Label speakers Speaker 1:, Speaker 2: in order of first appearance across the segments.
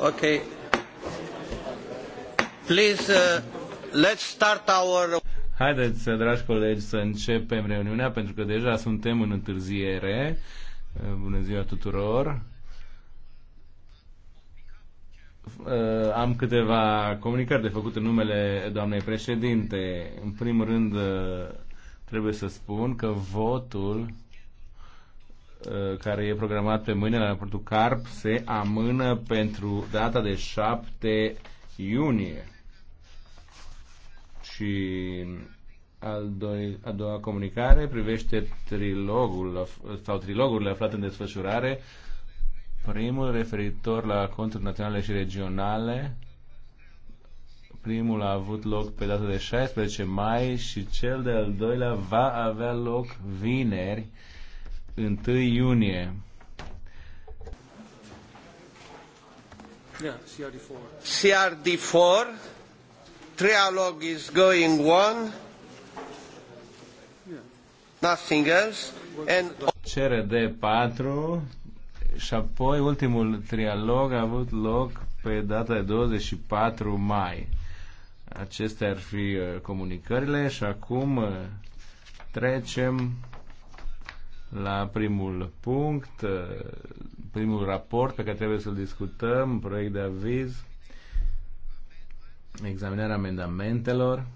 Speaker 1: Okay. Please, uh, let's start our... Haideți, uh, dragi colegi, să începem reuniunea, pentru că deja suntem în întârziere. Uh, bună ziua tuturor! Uh, am câteva comunicări de făcut în numele doamnei președinte. În primul rând, trebuie să spun că votul Uh, care e programat pe mâine la raportul CARP se amână pentru data de 7 iunie. Și al doi, a doua comunicare privește trilogul sau trilogurile aflate în desfășurare. Primul referitor la conturi naționale și regionale. Primul a avut loc pe data de 16 mai și cel de-al doilea va avea loc vineri 1 iunie. Yeah, CRD4. CRD4. Trialog is going on. Yeah. Nothing else. And... CRD4 și apoi ultimul trialog a avut loc pe data de 24 mai. Acestea ar fi uh, comunicările și acum uh, trecem la primul punct, eh, primul raport pe care trebuie să-l discutăm, proiect de aviz, examinarea amendamentelor.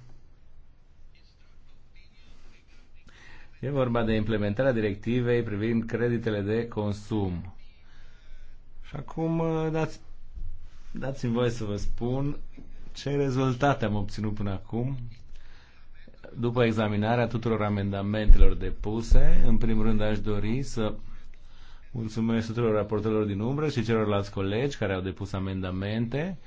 Speaker 1: E vorba de implementarea directivei privind creditele de consum. Și acum eh, dați, dați-mi voie să vă spun ce rezultate am obținut până acum după examinarea tuturor amendamentelor depuse, în primul rând aș dori să mulțumesc tuturor raportelor din umbră și celorlalți colegi care au depus amendamente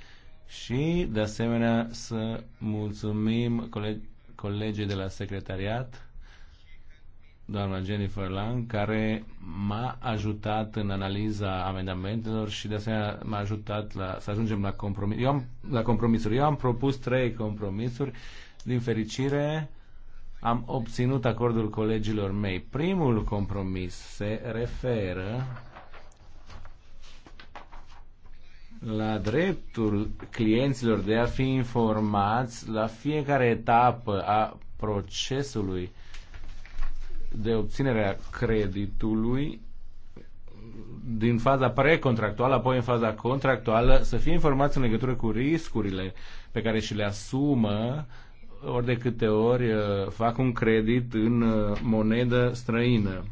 Speaker 1: și, de asemenea, să mulțumim colegi, colegii de la secretariat, doamna Jennifer Lang, care m-a ajutat în analiza amendamentelor și, de asemenea, m-a ajutat la, să ajungem la, compromis, eu am, la compromisuri. Eu am propus trei compromisuri. Din fericire, am obținut acordul colegilor mei. Primul compromis se referă la dreptul clienților de a fi informați la fiecare etapă a procesului de obținere a creditului din faza precontractuală, apoi în faza contractuală, să fie informați în legătură cu riscurile pe care și le asumă ori de câte ori uh, fac un credit în uh, monedă străină.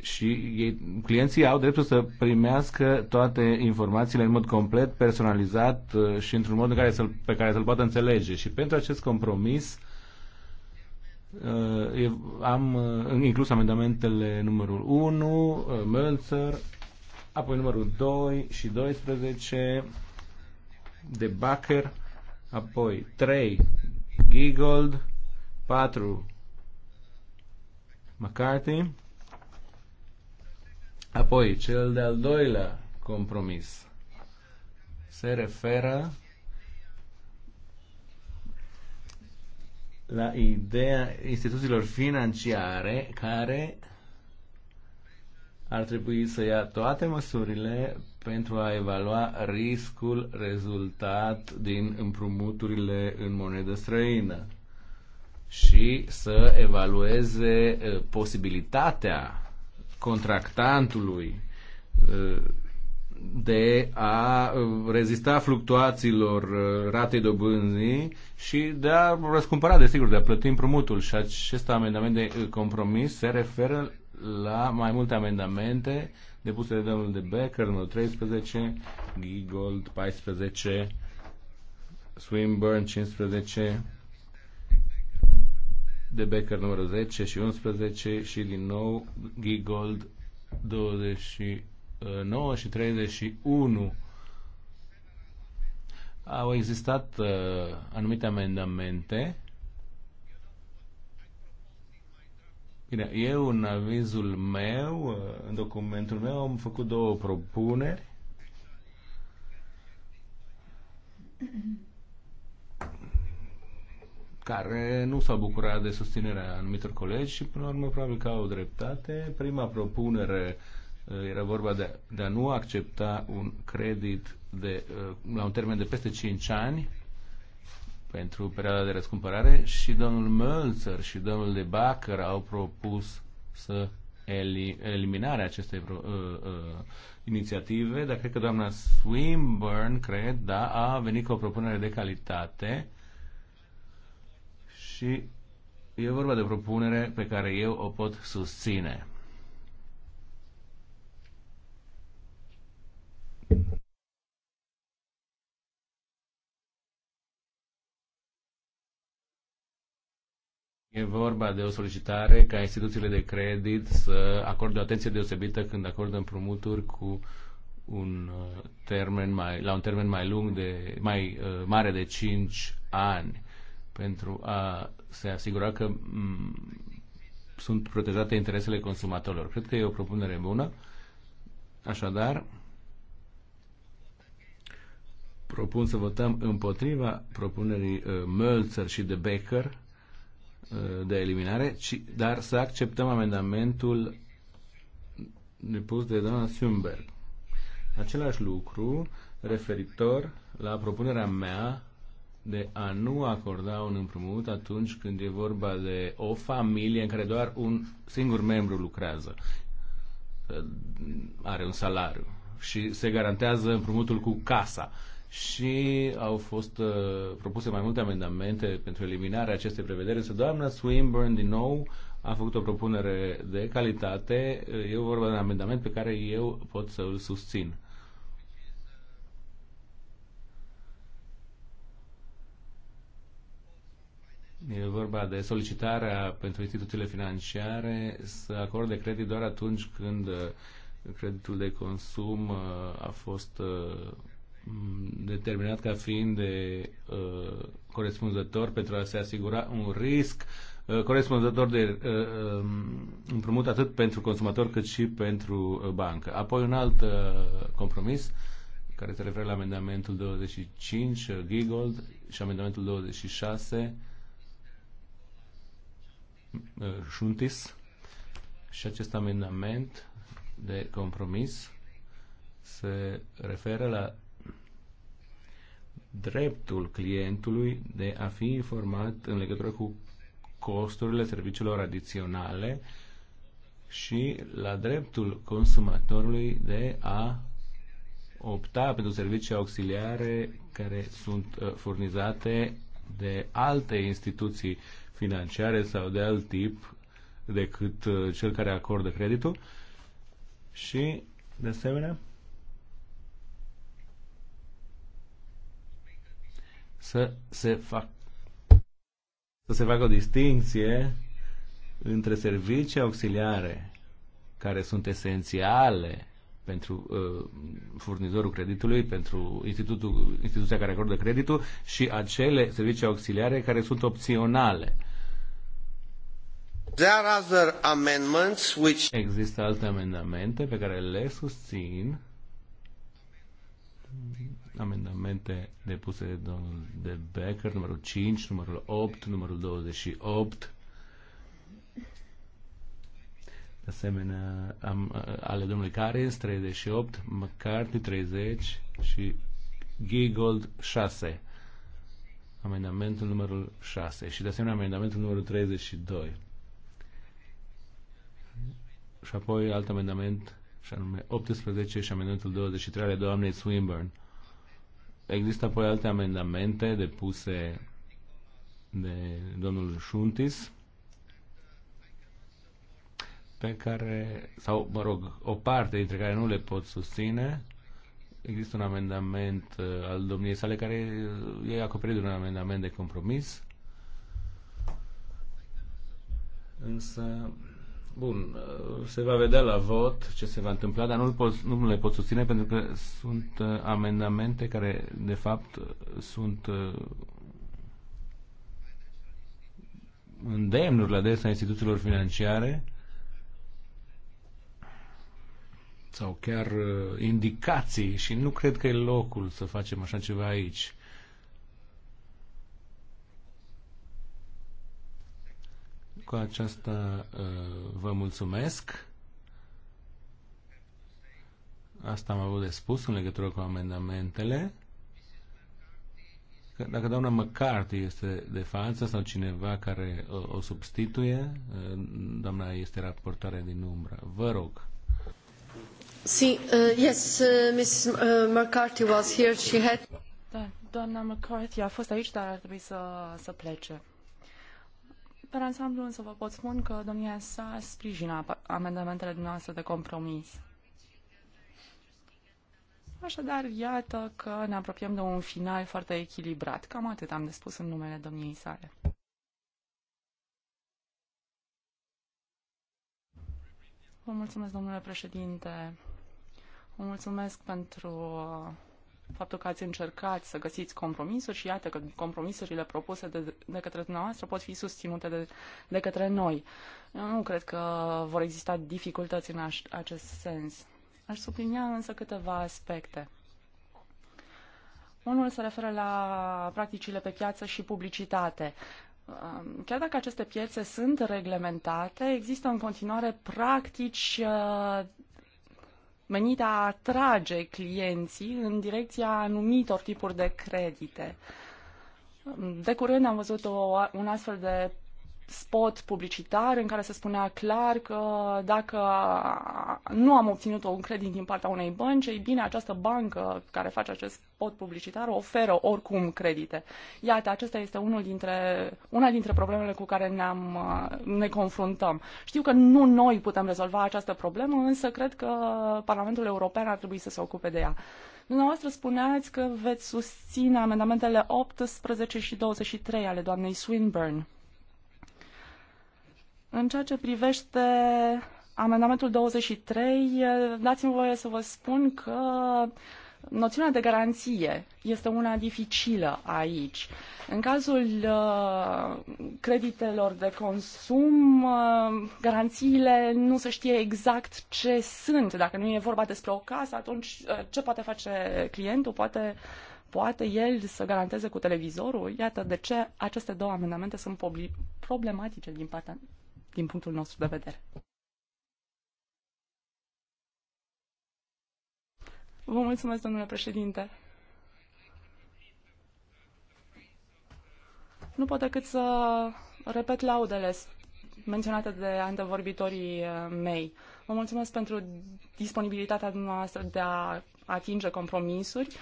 Speaker 1: Și ei, clienții au dreptul să primească toate informațiile în mod complet, personalizat uh, și într-un mod în care să pe care să-l poată înțelege. Și pentru acest compromis am inclus amendamentele numărul 1, Mölzer, apoi numărul 2 și 12 de Bacher apoi 3 Giggold, 4 McCarthy, apoi cel de-al doilea compromis se referă la ideea instituțiilor financiare care ar trebui să ia toate măsurile pentru a evalua riscul rezultat din împrumuturile în monedă străină și să evalueze uh, posibilitatea contractantului uh, de a uh, rezista fluctuațiilor ratei dobânzii și de a răscumpăra, desigur, de a plăti împrumutul. Și acest amendament de compromis se referă la mai multe amendamente depuse de domnul de Becker, numărul 13, Gigold 14, Swinburne 15, de Becker numărul 10 și 11 și din nou Gigold 29 și 31. Au existat uh, anumite amendamente Bine, eu în avizul meu, în documentul meu, am făcut două propuneri. care nu s-au bucurat de susținerea anumitor colegi și până la urmă probabil că au dreptate. Prima propunere uh, era vorba de, de a nu accepta un credit de, uh, la un termen de peste 5 ani pentru perioada de răscumpărare și domnul Mölzer și domnul de Bacăr au propus să eliminarea acestei uh, uh, inițiative, dar cred că doamna Swinburne, cred, da, a venit cu o propunere de calitate și e vorba de o propunere pe care eu o pot susține. E vorba de o solicitare ca instituțiile de credit să acorde o atenție deosebită când acordă împrumuturi cu un uh, termen mai, la un termen mai lung, de, mai uh, mare de 5 ani, pentru a se asigura că mm, sunt protejate interesele consumatorilor. Cred că e o propunere bună. Așadar, propun să votăm împotriva propunerii uh, Mölzer și de Becker de eliminare, ci, dar să acceptăm amendamentul depus de doamna Thunberg. Același lucru referitor la propunerea mea de a nu acorda un împrumut atunci când e vorba de o familie în care doar un singur membru lucrează, are un salariu și se garantează împrumutul cu casa și au fost uh, propuse mai multe amendamente pentru eliminarea acestei prevederi, însă doamna Swinburne din nou a făcut o propunere de calitate. E vorba de un amendament pe care eu pot să îl susțin. E vorba de solicitarea pentru instituțiile financiare să acorde credit doar atunci când uh, creditul de consum uh, a fost uh, determinat ca fiind de uh, corespunzător pentru a se asigura un risc uh, corespunzător de uh, um, împrumut atât pentru consumator cât și pentru uh, bancă. Apoi un alt uh, compromis care se referă la amendamentul 25 uh, Gigold și amendamentul 26 uh, Shuntis și acest amendament de compromis se referă la dreptul clientului de a fi informat în legătură cu costurile serviciilor adiționale și la dreptul consumatorului de a opta pentru servicii auxiliare care sunt uh, furnizate de alte instituții financiare sau de alt tip decât uh, cel care acordă creditul și, de asemenea, să se facă să se facă o distinție între servicii auxiliare care sunt esențiale pentru uh, furnizorul creditului, pentru institutul, instituția care acordă creditul și acele servicii auxiliare care sunt opționale. There are other amendments which... Există alte amendamente pe care le susțin amendamente depuse de domnul de Becker, numărul 5, numărul 8, numărul 28. De asemenea, am, ale domnului Carins, 38, McCarthy, 30 și Giggold, 6. Amendamentul numărul 6 și de asemenea amendamentul numărul 32. Și apoi alt amendament, și anume 18 și amendamentul 23 ale doamnei Swinburne. Există apoi alte amendamente depuse de domnul Șuntis pe care, sau mă rog, o parte dintre care nu le pot susține. Există un amendament uh, al domniei sale care uh, e acoperit de un amendament de compromis. Însă Bun, uh, se va vedea la vot ce se va întâmpla, dar nu, pot, nu le pot susține pentru că sunt uh, amendamente care, de fapt, uh, sunt îndemnuri la adresa instituțiilor financiare sau chiar indicații și nu cred că e locul să facem așa ceva aici. Cu aceasta uh, vă mulțumesc. Asta am avut de spus în legătură cu amendamentele. Dacă doamna McCarthy este de față sau cineva care uh, o, substituie, uh, doamna este raportare din umbră. Vă rog.
Speaker 2: Si uh, yes, uh, McCarthy was here. She had... Da, doamna McCarthy a fost aici, dar ar trebui să, să plece. Per ansamblu însă vă pot spune că domnia sa sprijină amendamentele dumneavoastră de compromis. Așadar, iată că ne apropiem de un final foarte echilibrat. Cam atât am de spus în numele domniei sale. Vă mulțumesc, domnule președinte. Vă mulțumesc pentru faptul că ați încercat să găsiți compromisuri și iată că compromisurile propuse de, de către dumneavoastră pot fi susținute de, de către noi. Eu nu cred că vor exista dificultăți în aș, acest sens. Aș sublinia însă câteva aspecte. Unul se referă la practicile pe piață și publicitate. Chiar dacă aceste piețe sunt reglementate, există în continuare practici uh, menită a atrage clienții în direcția anumitor tipuri de credite. De curând am văzut o, un astfel de spot publicitar în care se spunea clar că dacă nu am obținut un credit din partea unei bănci, ei bine, această bancă care face acest spot publicitar oferă oricum credite. Iată, acesta este unul dintre, una dintre problemele cu care ne-am, ne confruntăm. Știu că nu noi putem rezolva această problemă, însă cred că Parlamentul European ar trebui să se ocupe de ea. Dumneavoastră spuneați că veți susține amendamentele 18 și 23 ale doamnei Swinburne. În ceea ce privește amendamentul 23, dați-mi voie să vă spun că noțiunea de garanție este una dificilă aici. În cazul uh, creditelor de consum, uh, garanțiile nu se știe exact ce sunt. Dacă nu e vorba despre o casă, atunci uh, ce poate face clientul? Poate, poate el să garanteze cu televizorul? Iată de ce aceste două amendamente sunt problematice din partea din punctul nostru de vedere. Vă mulțumesc, domnule președinte. Nu pot decât să repet laudele menționate de antevorbitorii eh, mei. Vă mulțumesc pentru disponibilitatea dumneavoastră de a atinge compromisuri.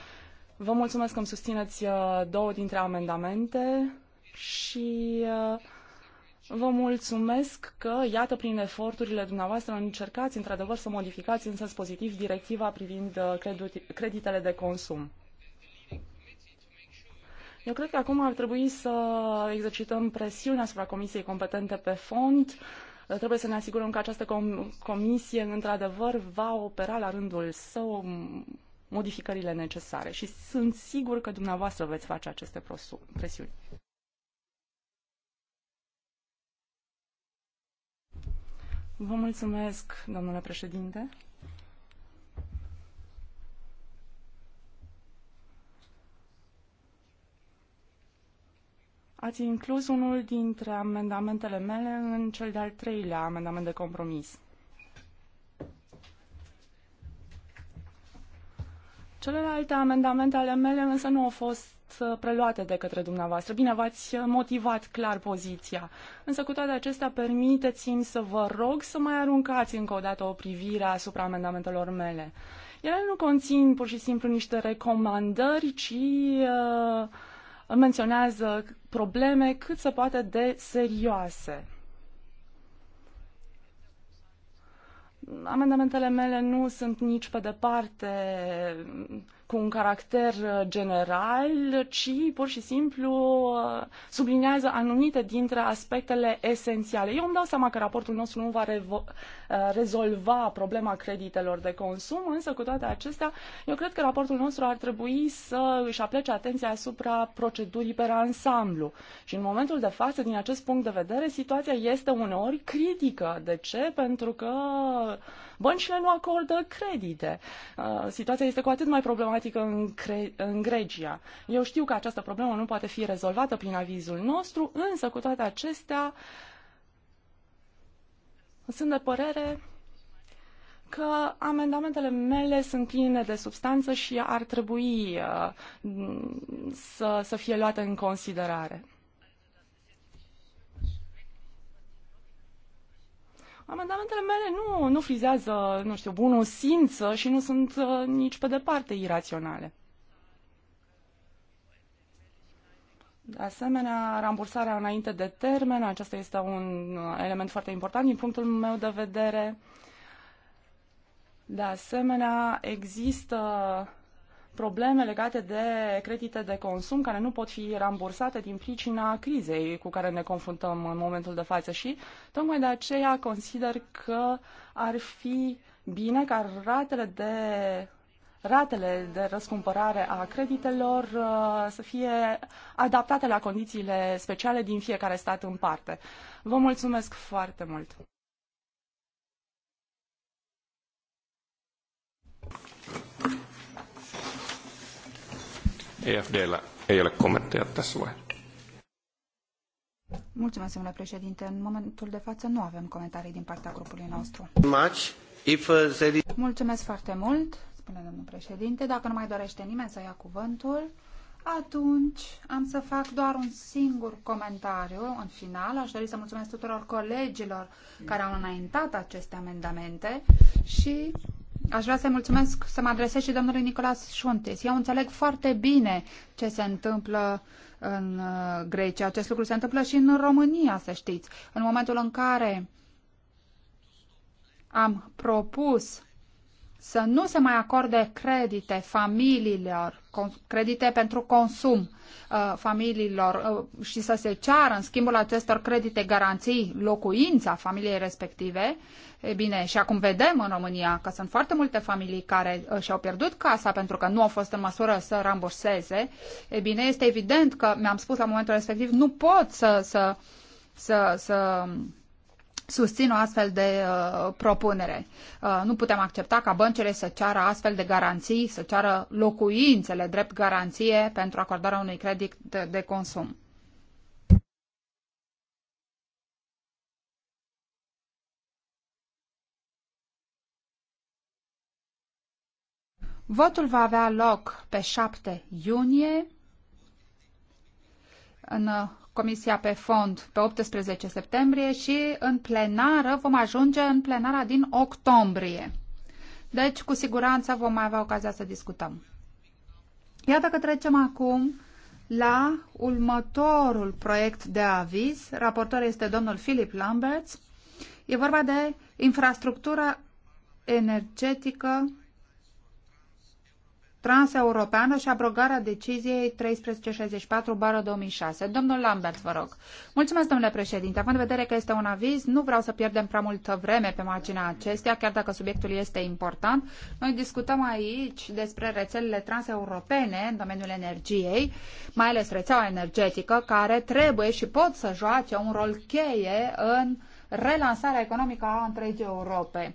Speaker 2: Vă mulțumesc că îmi susțineți eh, două dintre amendamente și uh, Vă mulțumesc că, iată, prin eforturile dumneavoastră încercați într-adevăr să modificați în sens pozitiv directiva privind uh, creditele de consum. Eu cred că acum ar trebui să exercităm presiune asupra comisiei competente pe fond. Uh, trebuie să ne asigurăm că această com comisie, într-adevăr, va opera la rândul său um, modificările necesare și sunt sigur că dumneavoastră veți face aceste presiuni. Vă mulțumesc, domnule președinte. Ați inclus unul dintre amendamentele mele în cel de-al treilea amendament de compromis. Celelalte amendamente ale mele însă nu au fost preluate de către dumneavoastră. Bine, v-ați motivat clar poziția. Însă cu toate acestea, permiteți-mi să vă rog să mai aruncați încă o dată o privire asupra amendamentelor mele. Ele nu conțin pur și simplu niște recomandări, ci uh, menționează probleme cât se poate de serioase. Amendamentele mele nu sunt nici pe departe cu un caracter uh, general, ci pur și simplu uh, sublinează anumite dintre aspectele esențiale. Eu îmi dau seama că raportul nostru nu va uh, rezolva problema creditelor de consum, însă cu toate acestea, eu cred că raportul nostru ar trebui să își aplece atenția asupra procedurii pe ansamblu. Și în momentul de față, din acest punct de vedere, situația este uneori critică. De ce? Pentru că Băncile nu acordă credite. Uh, situația este cu atât mai problematică în, Cre- în Grecia. Eu știu că această problemă nu poate fi rezolvată prin avizul nostru, însă cu toate acestea sunt de părere că amendamentele mele sunt pline de substanță și ar trebui uh, să, să fie luate în considerare. Amendamentele mele nu, nu frizează, nu știu, bunul simță și nu sunt uh, nici pe departe iraționale. De asemenea, rambursarea înainte de termen, acesta este un uh, element foarte important din punctul meu de vedere. De asemenea, există probleme legate de credite de consum care nu pot fi rambursate din pricina crizei cu care ne confruntăm în momentul de față și tocmai de aceea consider că ar fi bine ca ratele de ratele de răscumpărare a creditelor uh, să fie adaptate la condițiile speciale din fiecare stat în parte. Vă mulțumesc foarte mult!
Speaker 1: Efd EFDllä ei ole kommentteja tässä vaiheessa.
Speaker 3: Mulțumesc, domnule președinte. În momentul de față nu avem comentarii din partea grupului nostru.
Speaker 1: Uh, mulțumesc
Speaker 3: foarte mult, spune domnul președinte. Dacă nu mai dorește nimeni să ia cuvântul, atunci am să fac doar un singur comentariu în final. Aș dori să mulțumesc tuturor colegilor care au înaintat aceste amendamente și Aș vrea să-i mulțumesc, să mă adresez și domnului Nicolas Șuntis. Eu înțeleg foarte bine ce se întâmplă în uh, Grecia. Acest lucru se întâmplă și în România, să știți. În momentul în care am propus să nu se mai acorde credite familiilor, credite pentru consum uh, familiilor uh, și să se ceară în schimbul acestor credite garanții locuința familiei respective, e bine, și acum vedem în România că sunt foarte multe familii care uh, și-au pierdut casa pentru că nu au fost în măsură să ramburseze, e bine, este evident că, mi-am spus la momentul respectiv, nu pot să, să, să, să susțin o astfel de uh, propunere. Uh, nu putem accepta ca băncile să ceară astfel de garanții, să ceară locuințele drept garanție pentru acordarea unui credit de, de consum. Votul va avea loc pe 7 iunie în Comisia pe fond pe 18 septembrie și în plenară vom ajunge în plenara din octombrie. Deci, cu siguranță vom mai avea ocazia să discutăm. Iată că trecem acum la următorul proiect de aviz. Raportor este domnul Philip Lamberts. E vorba de infrastructura energetică transeuropeană și abrogarea deciziei 1364-2006. Domnul Lambert, vă rog. Mulțumesc, domnule președinte. Având în vedere că este un aviz, nu vreau să pierdem prea multă vreme pe marginea acesteia, chiar dacă subiectul este important. Noi discutăm aici despre rețelele transeuropene în domeniul energiei, mai ales rețeaua energetică, care trebuie și pot să joace un rol cheie în relansarea economică a întregii Europe.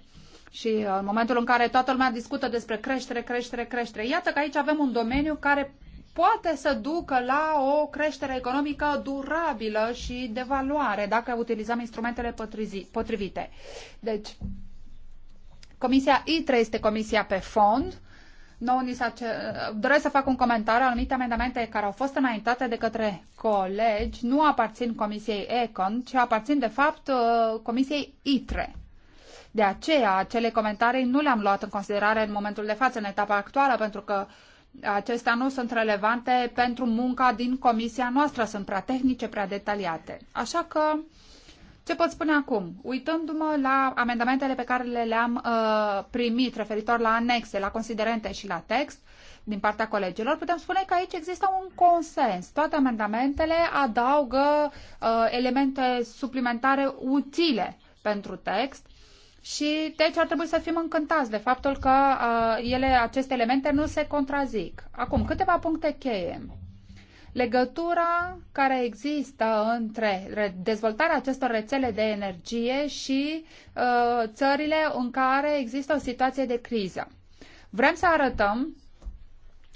Speaker 3: Și uh, în momentul în care toată lumea discută despre creștere, creștere, creștere, iată că aici avem un domeniu care poate să ducă la o creștere economică durabilă și de valoare dacă utilizăm instrumentele potrivite. Deci, Comisia I3 este comisia pe fond. Nouă ni Doresc să fac un comentariu. Anumite amendamente care au fost înaintate de către colegi nu aparțin Comisiei Econ, ci aparțin, de fapt, uh, Comisiei ITRE. De aceea, acele comentarii nu le-am luat în considerare în momentul de față, în etapa actuală, pentru că acestea nu sunt relevante pentru munca din comisia noastră, sunt prea tehnice, prea detaliate. Așa că, ce pot spune acum? Uitându-mă la amendamentele pe care le-am uh, primit referitor la anexe, la considerente și la text, din partea colegilor, putem spune că aici există un consens. Toate amendamentele adaugă uh, elemente suplimentare utile pentru text și deci ar trebui să fim încântați de faptul că uh, ele, aceste elemente nu se contrazic. Acum, câteva puncte cheie. Legătura care există între dezvoltarea acestor rețele de energie și uh, țările în care există o situație de criză. Vrem să arătăm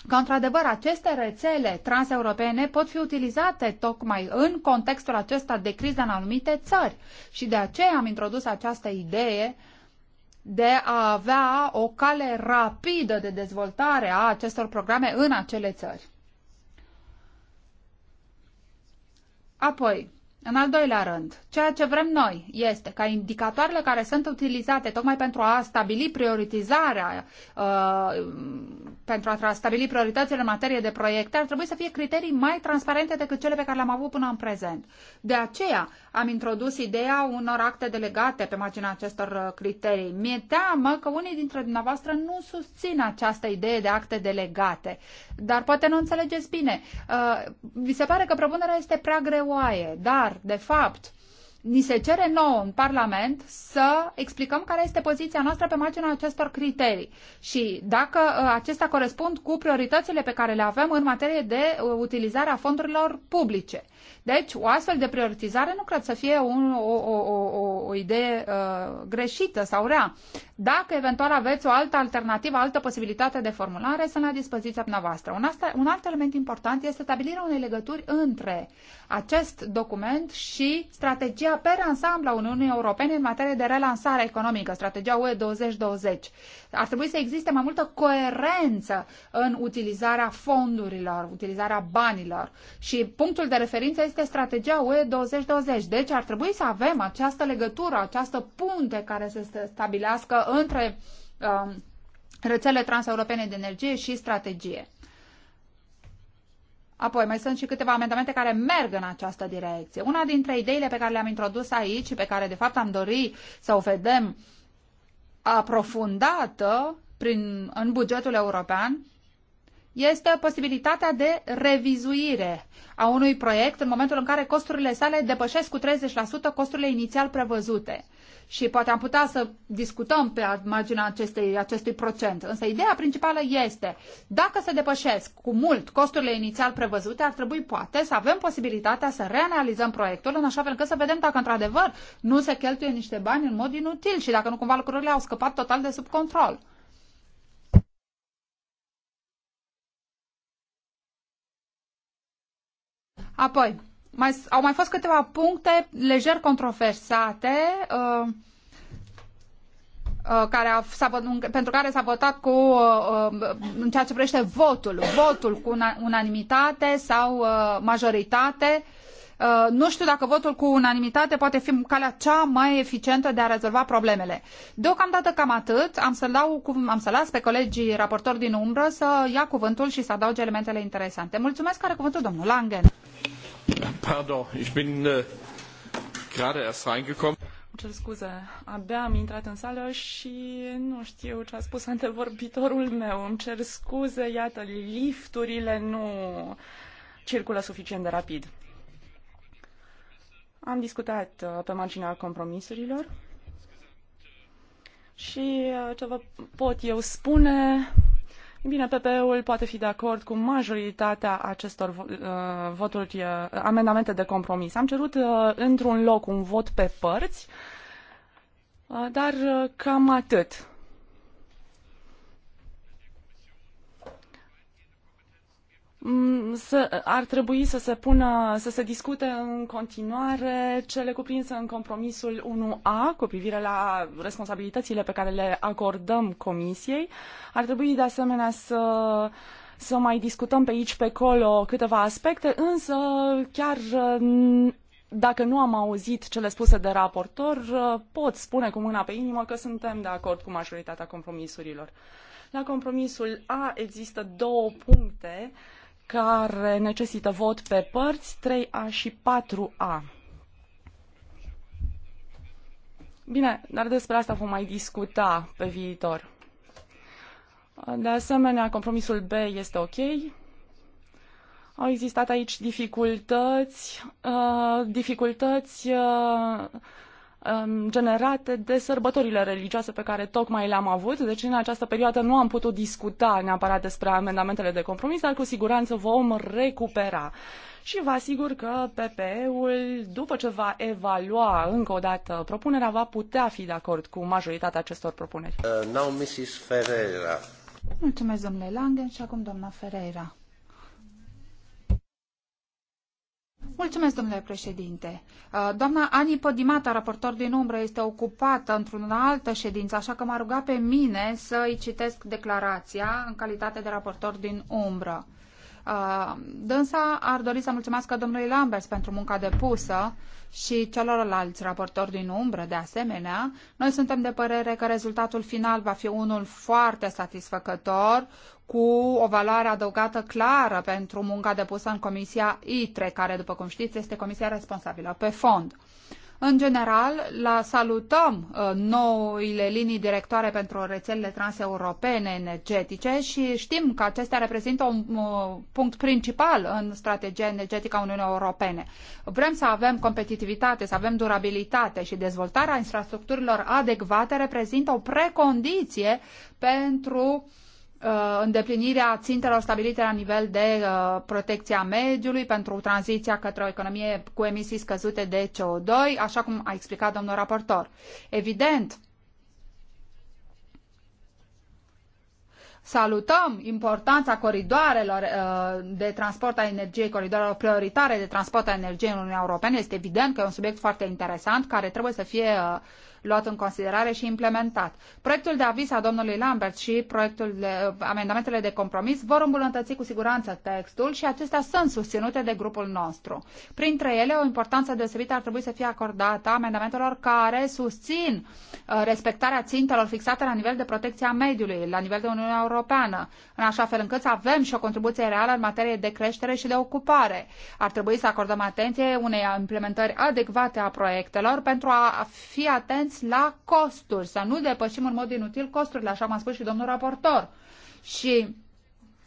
Speaker 3: că, într-adevăr, aceste rețele transeuropene pot fi utilizate tocmai în contextul acesta de criză în anumite țări. Și de aceea am introdus această idee de a avea o cale rapidă de dezvoltare a acestor programe în acele țări. Apoi, în al doilea rând, ceea ce vrem noi este ca indicatoarele care sunt utilizate tocmai pentru a stabili prioritizarea, uh, pentru a stabili prioritățile în materie de proiecte, ar trebui să fie criterii mai transparente decât cele pe care le-am avut până în prezent. De aceea am introdus ideea unor acte delegate pe marginea acestor uh, criterii. Mi-e teamă că unii dintre dumneavoastră nu susțin această idee de acte delegate, dar poate nu înțelegeți bine. Uh, vi se pare că propunerea este prea greoaie, dar dar, de fapt, ni se cere nouă în Parlament să explicăm care este poziția noastră pe marginea acestor criterii și dacă uh, acestea corespund cu prioritățile pe care le avem în materie de uh, utilizare a fondurilor publice. Deci, o astfel de prioritizare nu cred să fie un, o, o, o, o idee uh, greșită sau rea. Dacă eventual aveți o altă alternativă, altă posibilitate de formulare, sunt la dispoziția dumneavoastră. Un, asta, un alt element important este stabilirea unei legături între acest document și strategia strategia per ansamblu Uniunii Europene în materie de relansare economică, strategia UE 2020. Ar trebui să existe mai multă coerență în utilizarea fondurilor, utilizarea banilor și punctul de referință este strategia UE 2020. Deci ar trebui să avem această legătură, această punte care să se stabilească între um, rețele transeuropene de energie și strategie. Apoi mai sunt și câteva amendamente care merg în această direcție. Una dintre ideile pe care le-am introdus aici și pe care de fapt am dorit să o vedem aprofundată prin, în bugetul european este posibilitatea de revizuire a unui proiect în momentul în care costurile sale depășesc cu 30% costurile inițial prevăzute. Și poate am putea să discutăm pe marginea acestei, acestui procent. Însă ideea principală este, dacă se depășesc cu mult costurile inițial prevăzute, ar trebui poate să avem posibilitatea să reanalizăm proiectul în așa fel că să vedem dacă într-adevăr nu se cheltuie niște bani în mod inutil și dacă nu cumva lucrurile au scăpat total de sub control. Apoi, mai, au mai fost câteva puncte lejer controversate uh, uh, care a, s-a, pentru care s-a votat cu, uh, uh, în ceea ce privește votul, votul cu una, unanimitate sau uh, majoritate. Uh, nu știu dacă votul cu unanimitate poate fi calea cea mai eficientă de a rezolva problemele. Deocamdată cam atât. Am să, dau, am să las pe colegii raportori din umbră să ia cuvântul și să adauge elementele interesante. Mulțumesc, care cuvântul domnul
Speaker 2: Langen.
Speaker 1: Pardon, ich bin äh, gerade erst reingekommen.
Speaker 2: Îmi cer scuze, abia am intrat în sală și nu știu ce a spus antevorbitorul meu. Îmi cer scuze, iată, lifturile nu circulă suficient de rapid. Am discutat uh, pe marginea compromisurilor și uh, ce vă pot eu spune bine, PPE-ul poate fi de acord cu majoritatea acestor uh, voturi, uh, amendamente de compromis. Am cerut uh, într-un loc un vot pe părți, uh, dar uh, cam atât. Mm, să, ar trebui să se pună, să se discute în continuare cele cuprinse în compromisul 1A cu privire la responsabilitățile pe care le acordăm comisiei. Ar trebui de asemenea să să mai discutăm pe aici, pe acolo câteva aspecte, însă chiar mm, dacă nu am auzit cele spuse de raportor, pot spune cu mâna pe inimă că suntem de acord cu majoritatea compromisurilor. La compromisul A există două puncte uh, care necesită vot pe părți 3A și 4A. Bine, dar despre asta vom mai discuta pe viitor. De asemenea, compromisul B este ok. Au existat aici dificultăți, uh, dificultăți uh, Um, generate de sărbătorile religioase pe care tocmai le-am avut, deci în această perioadă nu am putut discuta neapărat despre amendamentele de compromis, dar cu siguranță vom recupera. Și vă asigur că PPE-ul, după ce va evalua încă o dată propunerea, va putea fi de acord cu majoritatea acestor propuneri.
Speaker 1: Uh, now Mrs. Ferreira.
Speaker 3: Mulțumesc, domnule Langen, și acum doamna Ferreira. Mulțumesc, domnule președinte. Uh, doamna Ani Podimata, raportor din umbră, este ocupată într-una altă ședință, așa că m-a rugat pe mine să îi citesc declarația în calitate de raportor din umbră. Uh, dânsa ar dori să mulțumesc domnului Lambers pentru munca depusă și celorlalți raportori din umbră, de asemenea. Noi suntem de părere că rezultatul final va fi unul foarte satisfăcător, cu o valoare adăugată clară pentru munca depusă în Comisia ITRE, care, după cum știți, este comisia responsabilă pe fond. În general, la salutăm uh, noile linii directoare pentru rețelele transeuropene energetice și știm că acestea reprezintă un uh, punct principal în strategia energetică a Uniunii Europene. Vrem să avem competitivitate, să avem durabilitate și dezvoltarea infrastructurilor adecvate reprezintă o precondiție pentru uh, Uh, îndeplinirea țintelor stabilite la nivel de uh, protecția mediului pentru tranziția către o economie cu emisii scăzute de CO2, așa cum a explicat domnul raportor. Evident, salutăm importanța coridoarelor uh, de transport a energiei, coridoarelor prioritare de transport a energiei în Uniunea Europeană. Este evident că e un subiect foarte interesant care trebuie să fie luat în considerare și implementat. Proiectul de aviz a domnului Lambert și proiectul de, uh, amendamentele de compromis vor îmbunătăți cu siguranță textul și acestea sunt susținute de grupul nostru. Printre ele, o importanță deosebită ar trebui să fie acordată amendamentelor care susțin uh, respectarea țintelor fixate la nivel de protecție a mediului, la nivel de Uniunea Europeană, în așa fel încât să avem și o contribuție reală în materie de creștere și de ocupare. Ar trebui să acordăm atenție unei implementări adecvate a proiectelor pentru a fi atenți atenți la costuri, să nu depășim în mod inutil costurile, așa m-a spus și domnul raportor. Și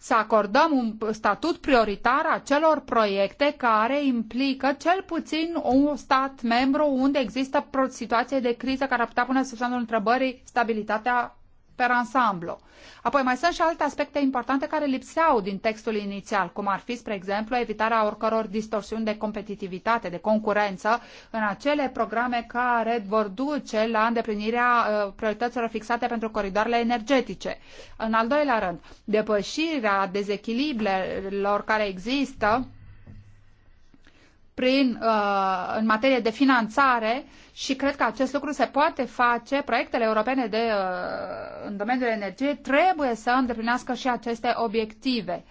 Speaker 3: să acordăm un statut prioritar acelor proiecte care implică cel puțin un stat membru unde există situație de criză care ar putea pune sub semnul întrebării stabilitatea per ansamblu. Apoi mai sunt și alte aspecte importante care lipseau din textul inițial, cum ar fi, spre exemplu, evitarea oricăror distorsiuni de competitivitate, de concurență în acele programe care vor duce la îndeplinirea uh, priorităților fixate pentru coridoarele energetice. În al doilea rând, depășirea dezechilibrelor care există prin, uh, în materie de finanțare și cred că acest lucru se poate face. Proiectele europene de, uh, în domeniul energiei trebuie să îndeplinească și aceste obiective.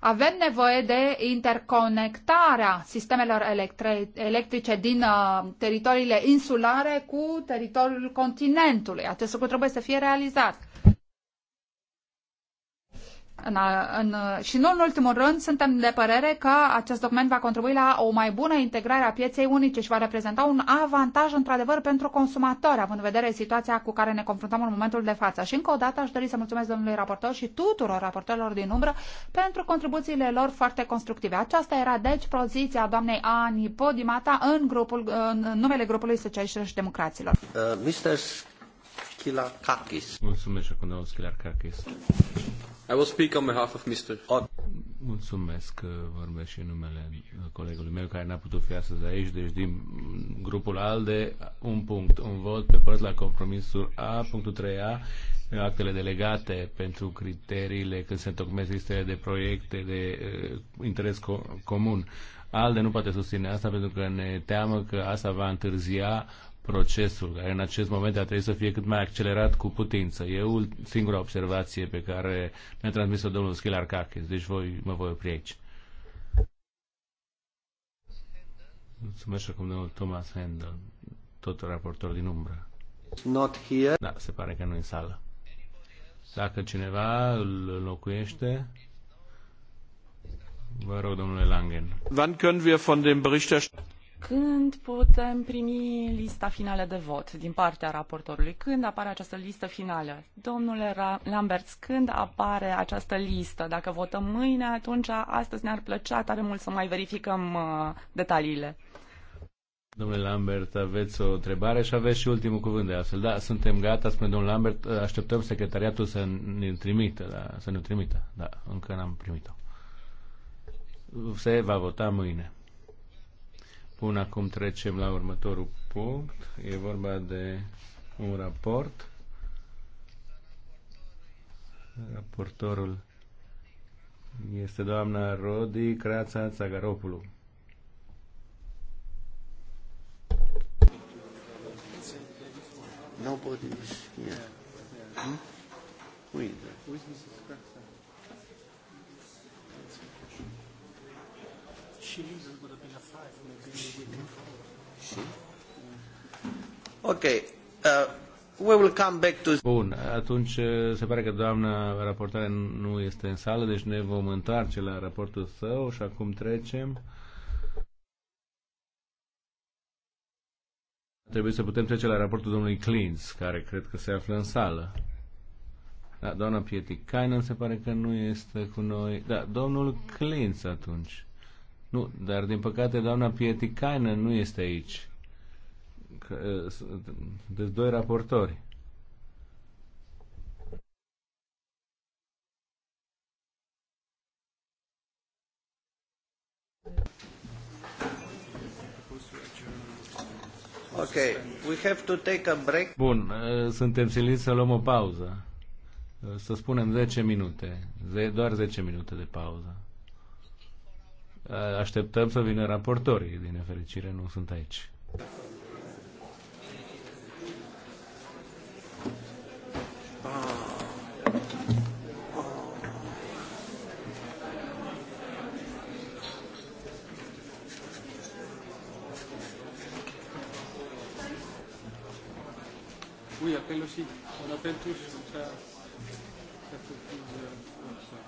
Speaker 3: Avem nevoie de interconectarea sistemelor electrice din uh, teritoriile insulare cu teritoriul continentului. Acest lucru trebuie să fie realizat. În, în, și nu în ultimul rând, suntem de părere că acest document va contribui la o mai bună integrare a pieței unice și va reprezenta un avantaj într-adevăr pentru consumatori, având în vedere situația cu care ne confruntăm în momentul de față. Și încă o dată aș dori să mulțumesc domnului raportor și tuturor raportorilor din umbră pentru contribuțiile lor foarte constructive. Aceasta era deci poziția doamnei Ani Podimata în, grupul, în numele grupului Socialiștilor și Democraților.
Speaker 1: Uh, Mr. Schilakakis. Mulțumesc, Schilakakis. I will speak on behalf of Mr. Mulțumesc că vorbesc și numele uh, colegului meu care n-a putut fi astăzi aici, deci din grupul ALDE, un punct, un vot pe părți la compromisul A, punctul 3A, actele delegate pentru criteriile când se întocmesc listele de proiecte de uh, interes co- comun. ALDE nu poate susține asta pentru că ne teamă că asta va întârzia procesul, care în acest moment a trebuit să fie cât mai accelerat cu putință. E singura observație pe care mi-a transmis-o domnul Schiller Kakis, deci voi, mă voi opri aici. Mulțumesc acum domnul Thomas Handel, tot raportor din umbră. Not here. Da, se pare că nu e în sală. Dacă cineva îl locuiește, vă rog, domnule Langen. Wann können wir von dem Berichterstatter
Speaker 2: când putem primi lista finală de vot din partea raportorului? Când apare această listă finală? Domnule Lamberts, când apare această listă? Dacă votăm mâine, atunci astăzi ne-ar plăcea tare mult să mai verificăm uh, detaliile.
Speaker 1: Domnule Lambert, aveți o întrebare și aveți și ultimul cuvânt de astfel. Da, suntem gata, spune domnul Lambert, așteptăm secretariatul să ne trimită, da, să ne trimită. Da, încă n-am primit-o. Se va vota mâine. Bun, acum trecem la următorul punct. E vorba de un raport. Raportorul este doamna Rodi Crața Țagaropulu. Nobody's here. Hmm? Who is that? Who is Mrs. Crața? Ok. Uh, we will come back to... Bun, atunci uh, se pare că doamna raportare nu este în sală, deci ne vom întoarce la raportul său și acum trecem. Trebuie să putem trece la raportul domnului Clins, care cred că se află în sală. Da, doamna Pietikainen se pare că nu este cu noi. Da, domnul Clins atunci. Nu, dar din păcate doamna Pieticană nu este aici. Sunteți deci doi raportori. Ok, we have to take a break. Bun, suntem siliți să luăm o pauză. Să spunem 10 minute, doar 10 minute de pauză. Așteptăm să vină raportorii, din nefericire nu sunt aici.
Speaker 3: Oui, appelle aussi. On appelle tous comme ça. Ça fait plus. Euh,
Speaker 1: comme ça.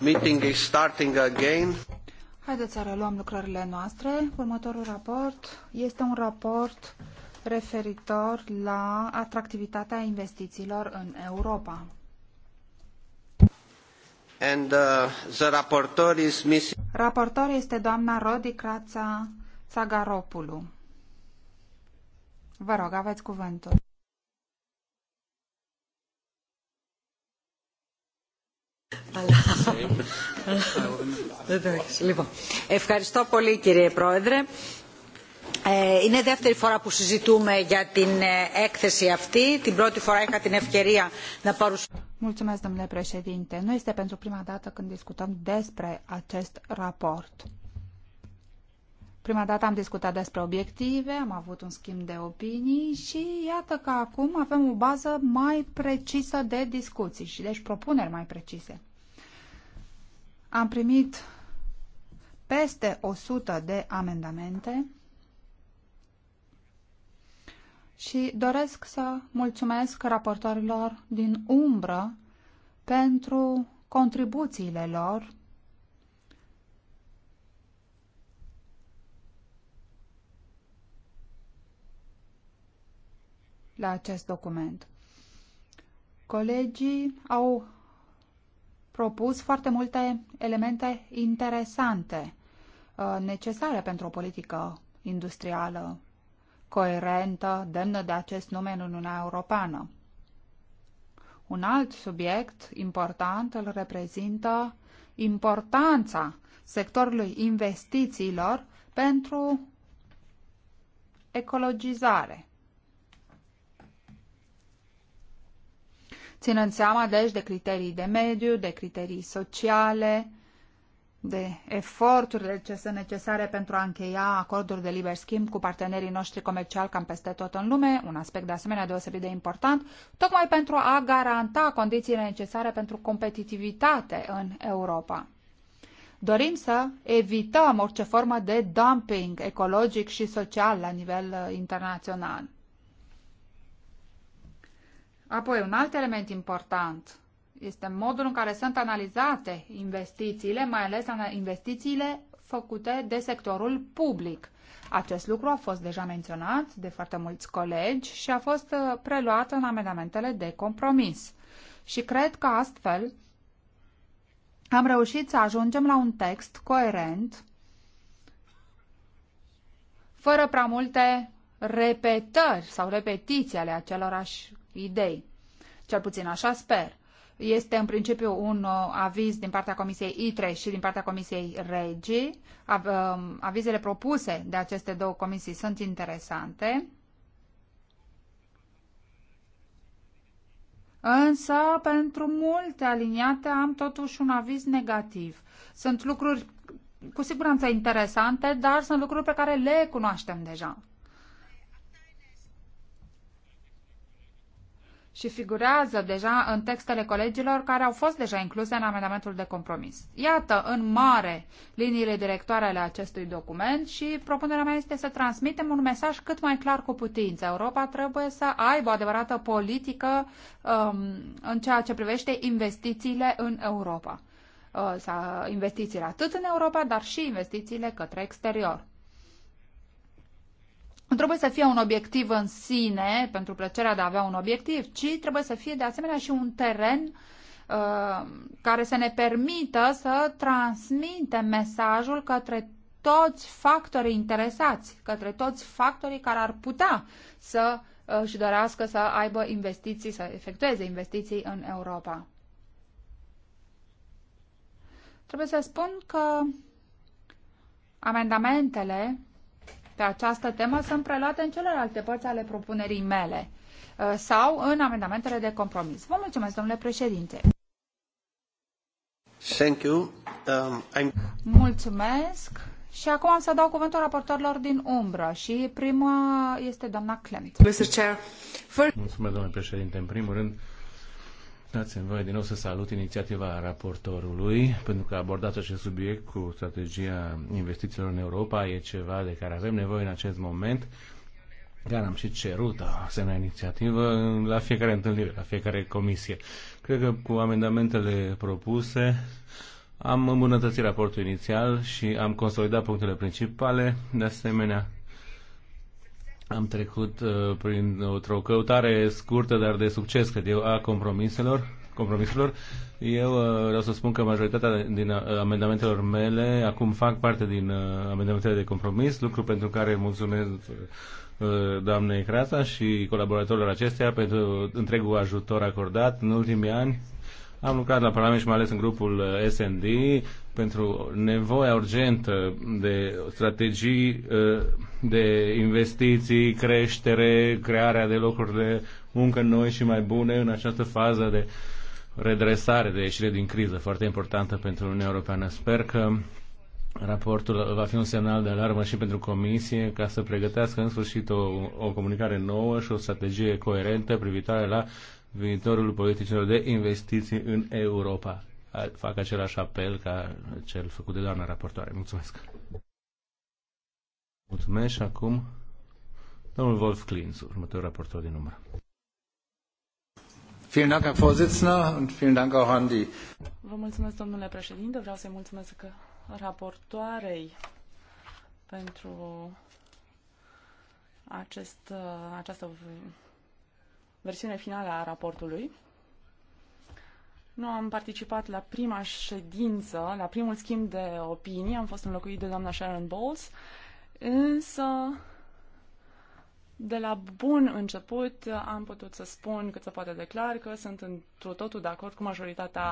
Speaker 1: meeting is starting again.
Speaker 3: Haideți să reluăm lucrările noastre. Următorul raport este un raport referitor la atractivitatea investițiilor în Europa. And, uh, the raportor, is miss... raportor este doamna Rodi Crața Tsagaropoulou. Vă rog, aveți cuvântul. Ευχαριστώ πολύ κύριε Πρόεδρε. Είναι δεύτερη φορά που συζητούμε για την έκθεση αυτή. Την πρώτη φορά είχα την ευκαιρία να παρουσιάσω. Mulțumesc, domnule președinte. Nu este pentru prima dată când discutăm despre acest raport. Prima dată am discutat despre obiective, am avut un schimb de opinii și iată că acum avem o bază mai precisă de discuții și deci propuneri mai precise. Am primit peste 100 de amendamente și doresc să mulțumesc raportorilor din umbră pentru contribuțiile lor la acest document. Colegii au propus foarte multe elemente interesante, uh, necesare pentru o politică industrială coerentă, demnă de acest nume în Uniunea Europeană. Un alt subiect important îl reprezintă importanța sectorului investițiilor pentru ecologizare. ținând seama, deci, de criterii de mediu, de criterii sociale, de eforturile ce sunt necesare pentru a încheia acorduri de liber schimb cu partenerii noștri comerciali cam peste tot în lume, un aspect de asemenea deosebit de important, tocmai pentru a garanta condițiile necesare pentru competitivitate în Europa. Dorim să evităm orice formă de dumping ecologic și social la nivel uh, internațional. Apoi, un alt element important este modul în care sunt analizate investițiile, mai ales investițiile făcute de sectorul public. Acest lucru a fost deja menționat de foarte mulți colegi și a fost uh, preluat în amendamentele de compromis. Și cred că astfel am reușit să ajungem la un text coerent, fără prea multe repetări sau repetiții ale acelorași idei. Cel puțin așa sper. Este în principiu un uh, aviz din partea Comisiei ITRE și din partea Comisiei Regii. Um, avizele propuse de aceste două comisii sunt interesante. Însă, pentru multe aliniate am totuși un aviz negativ. Sunt lucruri cu siguranță interesante, dar sunt lucruri pe care le cunoaștem deja. și figurează deja în textele colegilor care au fost deja incluse în amendamentul de compromis. Iată, în mare, liniile directoare ale acestui document și propunerea mea este să transmitem un mesaj cât mai clar cu putință. Europa trebuie să aibă o adevărată politică um, în ceea ce privește investițiile în Europa. Uh, investițiile atât în Europa, dar și investițiile către exterior nu trebuie să fie un obiectiv în sine, pentru plăcerea de a avea un obiectiv, ci trebuie să fie de asemenea și un teren uh, care să ne permită să transmitem mesajul către toți factorii interesați, către toți factorii care ar putea să își uh, și dorească să aibă investiții, să efectueze investiții în Europa. Trebuie să spun că amendamentele pe această temă sunt preluate în celelalte părți ale propunerii mele uh, sau în amendamentele de compromis. Vă mulțumesc, domnule președinte.
Speaker 2: Thank you.
Speaker 1: Um,
Speaker 3: Mulțumesc. Și acum am să dau cuvântul raportorilor din umbră și prima este doamna Clement.
Speaker 1: Mulțumesc, domnule președinte. În primul rând, Dați-mi voi din nou să salut inițiativa raportorului, pentru că abordat acest subiect cu strategia investițiilor în Europa. E ceva de care avem nevoie în acest moment. dar am și cerut asemenea inițiativă la fiecare întâlnire, la fiecare comisie. Cred că cu amendamentele propuse am îmbunătățit raportul inițial și am consolidat punctele principale. De asemenea, am trecut uh, prin o căutare scurtă, dar de succes, cred eu, a compromiselor. compromiselor. Eu uh, vreau să spun că majoritatea din uh, amendamentelor mele acum fac parte din uh, amendamentele de compromis, lucru pentru care mulțumesc uh, doamnei Crața și colaboratorilor acestea pentru întregul ajutor acordat în ultimii ani am lucrat la Parlament și mai ales în grupul uh, SND pentru nevoia urgentă de strategii uh, de investiții, creștere, crearea de locuri de muncă noi și mai bune în această fază de redresare, de ieșire din criză foarte importantă pentru Uniunea Europeană. Sper că Raportul va fi un semnal de alarmă și pentru Comisie ca să pregătească în sfârșit o, o comunicare nouă și o strategie coerentă privitoare la viitorul politicilor de investiții în Europa. Fac același apel ca cel făcut de doamna raportoare. Mulțumesc! Mulțumesc și acum domnul Wolf Klinz următorul raportor din număr.
Speaker 2: Vă mulțumesc, domnule președinte. Vreau să-i mulțumesc raportoarei pentru acest, această versiune finală a raportului. Nu am participat la prima ședință, la primul schimb de opinii, am fost înlocuit de doamna Sharon Bowles, însă de la bun început am putut să spun cât se poate declar că sunt întru totul de acord cu majoritatea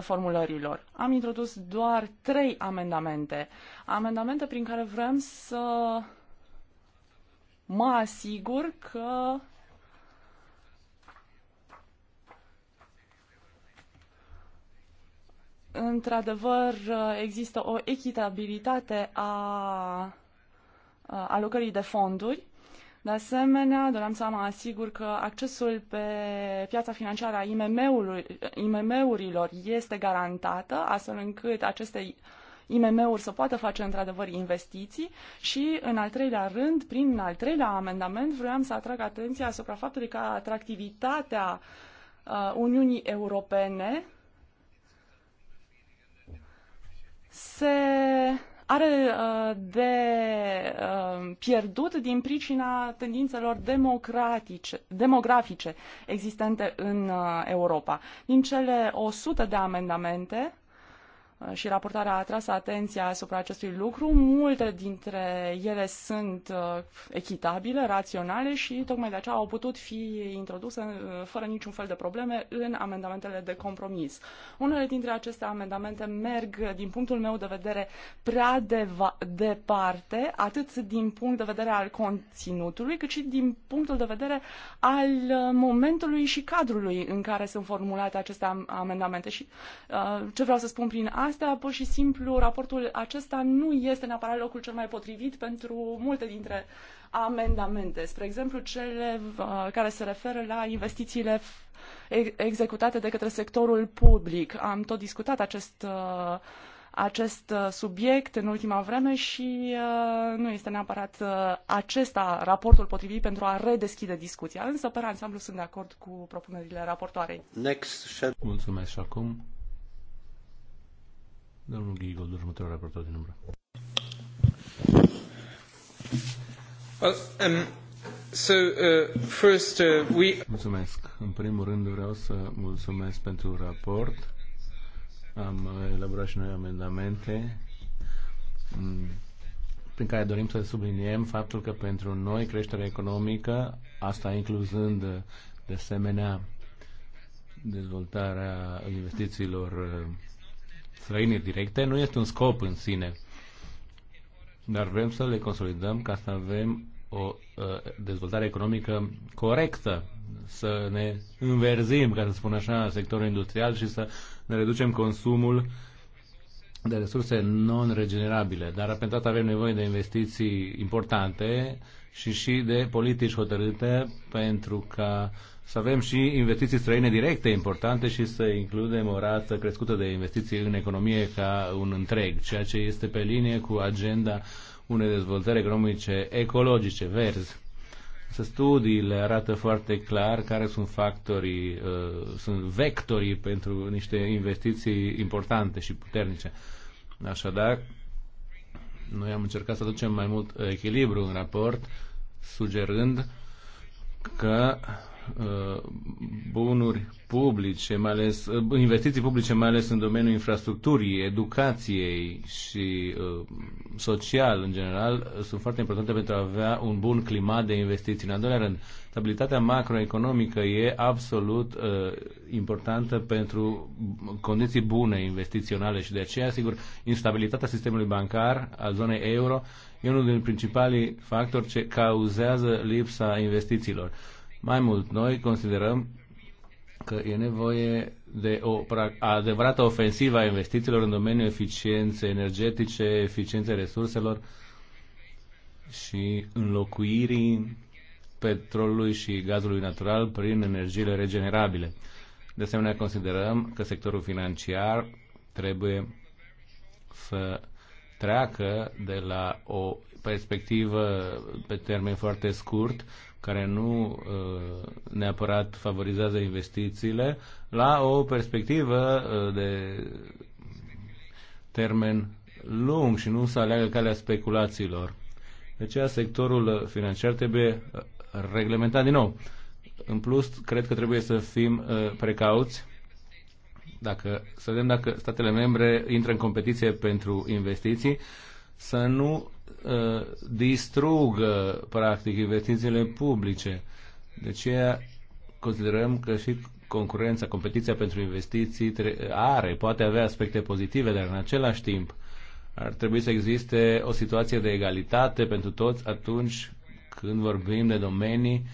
Speaker 2: formulărilor. Am introdus doar trei amendamente. Amendamente prin care vrem să mă asigur că într-adevăr, există o echitabilitate a alocării de fonduri. De asemenea, doream să mă asigur că accesul pe piața financiară a IMM-urilor este garantată, astfel încât aceste IMM-uri să poată face într-adevăr investiții și, în al treilea rând, prin al treilea amendament, vroiam să atrag atenția asupra faptului că atractivitatea uh, Uniunii Europene se are uh, de uh, pierdut din pricina tendințelor democratice, demografice existente în uh, Europa. Din cele 100 de amendamente Uh, și raportarea a atras atenția asupra acestui lucru. Multe dintre ele sunt uh, echitabile, raționale și tocmai de aceea au putut fi introduse uh, fără niciun fel de probleme în amendamentele de compromis. Unele dintre aceste amendamente merg, din punctul meu de vedere, prea deva- departe, atât din punct de vedere al conținutului, cât și din punctul de vedere al momentului și cadrului în care sunt formulate aceste amendamente. Și ce vreau să spun prin asta? asta, pur și simplu, raportul acesta nu este neapărat locul cel mai potrivit pentru multe dintre amendamente. Spre exemplu, cele uh, care se referă la investițiile executate de către sectorul public. Am tot discutat acest uh, acest uh, subiect în ultima vreme și nu este neapărat acesta raportul potrivit pentru a redeschide discuția, însă pe ansamblu sunt de acord
Speaker 1: cu propunerile raportoarei. Next. Mulțumesc și acum Domnul Ghigol, următorul raportor din umbră. Well, um, so, uh, first, uh, we... Mulțumesc. În primul rând vreau să mulțumesc pentru raport. Am elaborat și noi amendamente mm, prin care dorim să subliniem faptul că pentru noi creșterea economică, asta incluzând de asemenea dezvoltarea investițiilor uh, străine directe nu este un scop în sine, dar vrem să le consolidăm ca să avem o uh, dezvoltare economică corectă, să ne înverzim, ca să spun așa, sectorul industrial și să ne reducem consumul de resurse non-regenerabile. Dar pentru asta avem nevoie de investiții importante și și de politici hotărâte pentru ca să avem și investiții străine directe importante și să includem o rată crescută de investiții în economie ca un întreg, ceea ce este pe linie cu agenda unei dezvoltări economice ecologice, verzi. Să studiile arată foarte clar care sunt factorii, uh, sunt vectorii pentru niște investiții importante și puternice. Așadar, noi am încercat să aducem mai mult echilibru în raport, sugerând că Uh, bunuri publice, mai ales uh, investiții publice, mai ales în domeniul infrastructurii, educației și uh, social în general, sunt foarte importante pentru a avea un bun climat de investiții. În al doilea rând, stabilitatea macroeconomică e absolut importantă pentru condiții bune investiționale și de aceea, sigur, instabilitatea sistemului bancar al zonei euro e unul din principalii factori ce cauzează lipsa investițiilor mai mult, noi considerăm că e nevoie de o adevărată ofensivă a investițiilor în domeniul eficienței energetice, eficienței resurselor și înlocuirii petrolului și gazului natural prin energiile regenerabile. De asemenea, considerăm că sectorul financiar trebuie să treacă de la o perspectivă pe termen foarte scurt care nu uh, neapărat favorizează investițiile, la o perspectivă uh, de termen lung și nu să aleagă calea speculațiilor. De aceea sectorul financiar trebuie uh, reglementat din nou. În plus, cred că trebuie să fim precauți dacă, să vedem dacă statele membre intră în competiție pentru investiții, să nu Uh, distrugă, practic, investițiile publice. Deci aceea considerăm că și concurența, competiția pentru investiții are, poate avea aspecte pozitive, dar în același timp ar trebui să existe o situație de egalitate pentru toți atunci când vorbim de domenii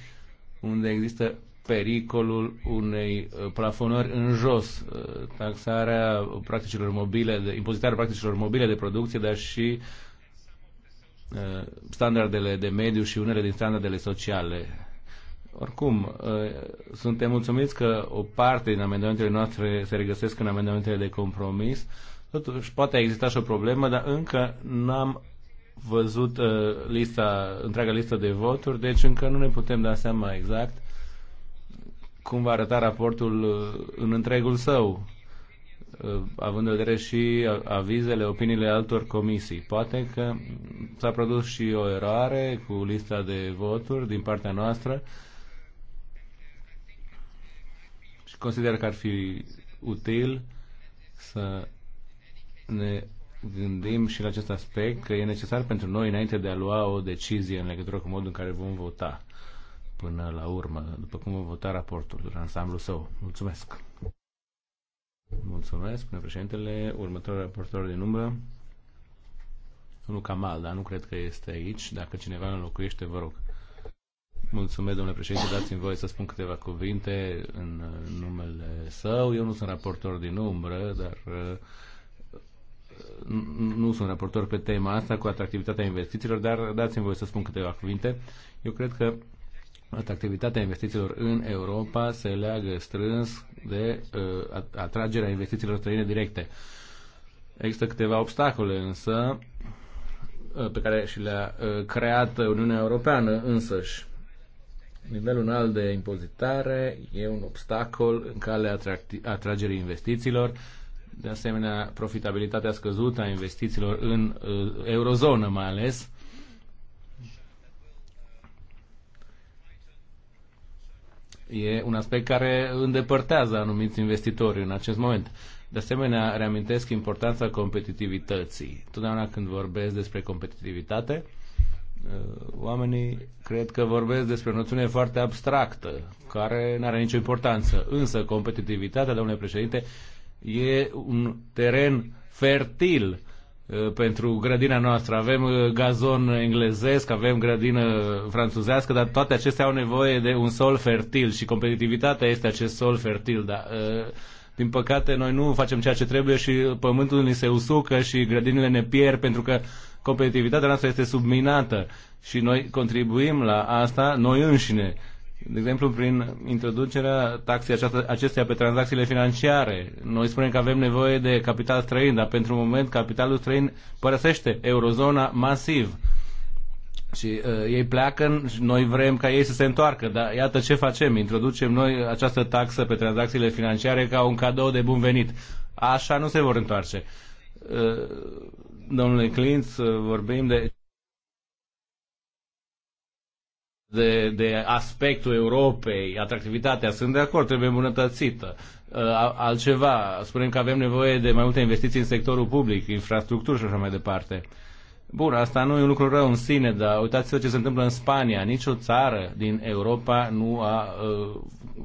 Speaker 1: unde există pericolul unei uh, plafonări în jos, uh, taxarea practicilor mobile, de, impozitarea practicilor mobile de producție, dar și Uh, standardele de mediu și unele din standardele sociale. Oricum, uh, suntem mulțumiți că o parte din amendamentele noastre se regăsesc în amendamentele de compromis. Totuși, poate a existat și o problemă, dar încă n-am văzut uh, lista, întreaga listă de voturi, deci încă nu ne putem da seama exact cum va arăta raportul în întregul său. Uh, având în vedere și avizele, opiniile altor comisii. Poate că s-a produs și o eroare cu lista de voturi din partea noastră și consider că ar fi util să ne gândim și la acest aspect că e necesar pentru noi înainte de a lua o decizie în legătură cu modul în care vom vota până la urmă, după cum vom vota raportul în ansamblu său. Mulțumesc! Mulțumesc, spune președintele. Următorul raportor din umbră, nu Camal, dar nu cred că este aici. Dacă cineva locuiește, vă rog. Mulțumesc, domnule președinte, dați-mi voie să spun câteva cuvinte în uh, numele său. Eu nu sunt raportor din umbră, dar uh, nu sunt raportor pe tema asta cu atractivitatea investițiilor, dar dați-mi voie să spun câteva cuvinte. Eu cred că Atractivitatea investițiilor în Europa se leagă strâns de uh, atragerea investițiilor străine directe. Există câteva obstacole însă uh, pe care și le-a uh, creat Uniunea Europeană însăși. Nivelul înalt de impozitare e un obstacol în calea atragerii investițiilor, de asemenea profitabilitatea scăzută a investițiilor în uh, eurozonă mai ales, E un aspect care îndepărtează anumiți investitori în acest moment. De asemenea, reamintesc importanța competitivității. Totdeauna când vorbesc despre competitivitate, uh, oamenii cred că vorbesc despre o noțiune foarte abstractă, care nu are nicio importanță. Însă, competitivitatea, domnule președinte, e un teren fertil Uh, pentru grădina noastră. Avem uh, gazon englezesc, avem grădină franțuzească, dar toate acestea au nevoie de un sol fertil și competitivitatea este acest sol fertil. Dar, uh, din păcate, noi nu facem ceea ce trebuie și pământul ni se usucă și grădinile ne pierd pentru că competitivitatea noastră este subminată și noi contribuim la asta noi înșine. De exemplu, prin introducerea taxei acesteia pe tranzacțiile financiare. Noi spunem că avem nevoie de capital străin, dar pentru moment capitalul străin părăsește eurozona masiv. Și uh, ei pleacă, noi vrem ca ei să se întoarcă, dar iată ce facem, introducem noi această taxă pe tranzacțiile financiare ca un cadou de bun venit. Așa nu se vor întoarce. Uh, domnule Clint, uh, vorbim de de, de aspectul Europei, atractivitatea, sunt de acord, trebuie îmbunătățită. Uh, altceva, spunem că avem nevoie de mai multe investiții în sectorul public, infrastructură și așa mai departe. Bun, asta nu e un lucru rău în sine, dar uitați-vă ce se întâmplă în Spania. Nici o țară din Europa nu a uh,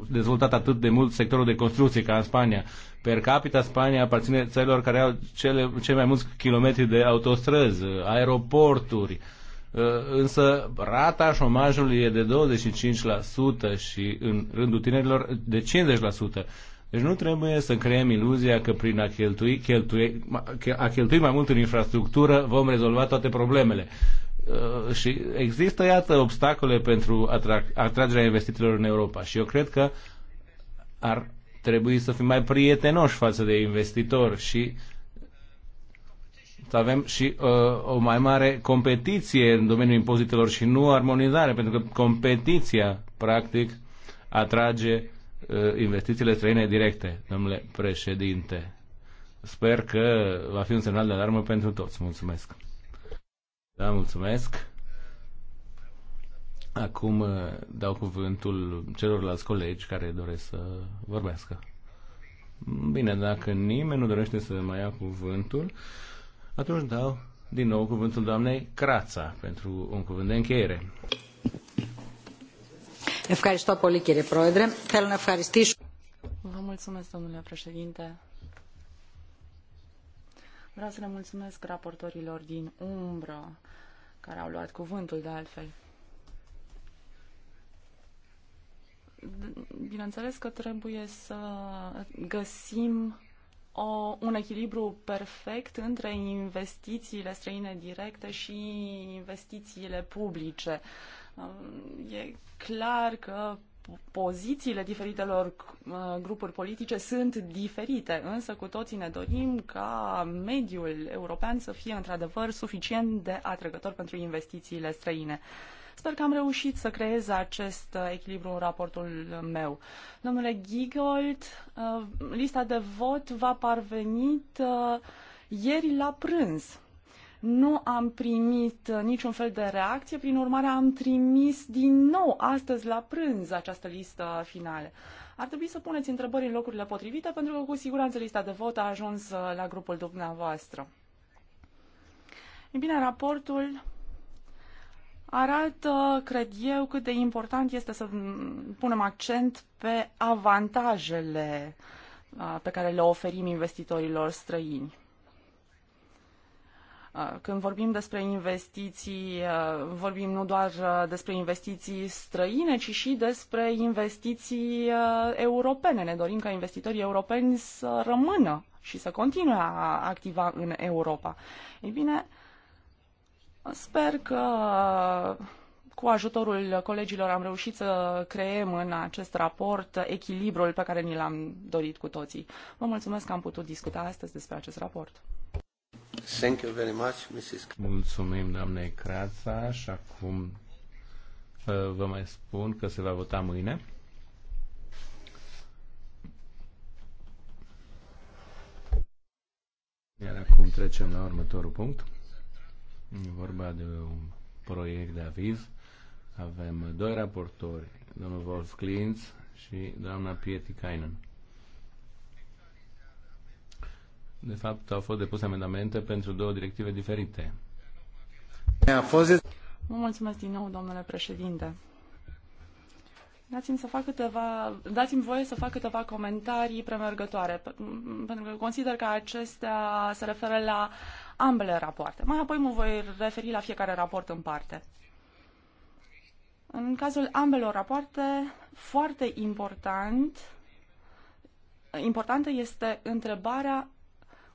Speaker 1: dezvoltat atât de mult sectorul de construcții ca în Spania. Per capita, Spania aparține țărilor care au cele, cei mai mulți kilometri de autostrăzi, aeroporturi, uh, Uh, însă rata șomajului e de 25% și în rândul tinerilor de 50%. Deci nu trebuie să creăm iluzia că prin a cheltui, cheltui, a cheltui mai mult în infrastructură vom rezolva toate problemele. Uh, și există, iată, obstacole pentru atragerea investițiilor în Europa și eu cred că ar trebui să fim mai prietenoși față de investitori și să avem și uh, o mai mare competiție în domeniul impozitelor și nu armonizare, pentru că competiția, practic, atrage uh, investițiile străine directe, domnule președinte. Sper că va fi un semnal de alarmă pentru toți. Mulțumesc. Da, mulțumesc. Acum uh, dau cuvântul celorlalți colegi care doresc să vorbească. Bine, dacă nimeni nu dorește să mai ia cuvântul, atunci dau din nou cuvântul doamnei Crața pentru un cuvânt de încheiere.
Speaker 2: Vă mulțumesc, domnule președinte. Vreau să le mulțumesc raportorilor din umbră care au luat cuvântul de altfel. Bineînțeles că trebuie să găsim o, un echilibru perfect între investițiile străine directe și investițiile publice. Um, e clar că pozițiile diferitelor uh, grupuri politice sunt diferite, însă cu toții ne dorim ca mediul european să fie într-adevăr suficient de atrăgător pentru investițiile străine. Sper că am reușit să creez acest uh, echilibru în raportul meu. Domnule Gigold, uh, lista de vot va parvenit uh, ieri la prânz. Nu am primit niciun fel de reacție, prin urmare am trimis din nou astăzi la prânz această listă finală. Ar trebui să puneți întrebări în locurile potrivite, pentru că cu siguranță lista de vot a ajuns la grupul dumneavoastră. Ei bine, raportul arată, cred eu, cât de important este să punem accent pe avantajele uh, pe care le oferim investitorilor străini. Uh, când vorbim despre investiții, uh, vorbim nu doar despre investiții străine, ci și despre investiții europene. Ne dorim ca investitorii europeni să rămână și să continue a activa în Europa. Ei bine, Sper că cu ajutorul colegilor am reușit să creem în acest raport echilibrul pe care ni l-am dorit cu toții. Vă mulțumesc că am putut discuta astăzi despre acest raport.
Speaker 1: Thank you very much, Mrs. Mulțumim, doamne Creața, și acum uh, vă mai spun că se va vota mâine. Iar acum trecem la următorul punct. E vorba de un proiect de aviz. Avem doi raportori, domnul Wolf Klintz și doamna Pieti Kainan. De fapt, au fost depuse amendamente pentru două directive diferite. A fost...
Speaker 2: Mă mulțumesc din nou, domnule președinte. Dați-mi, să fac câteva, dați-mi voie să fac câteva comentarii premergătoare, pentru că consider că acestea se referă la uh, ambele rapoarte. Mai apoi mă voi referi la fiecare raport în parte. În cazul ambelor rapoarte, foarte important, importantă este întrebarea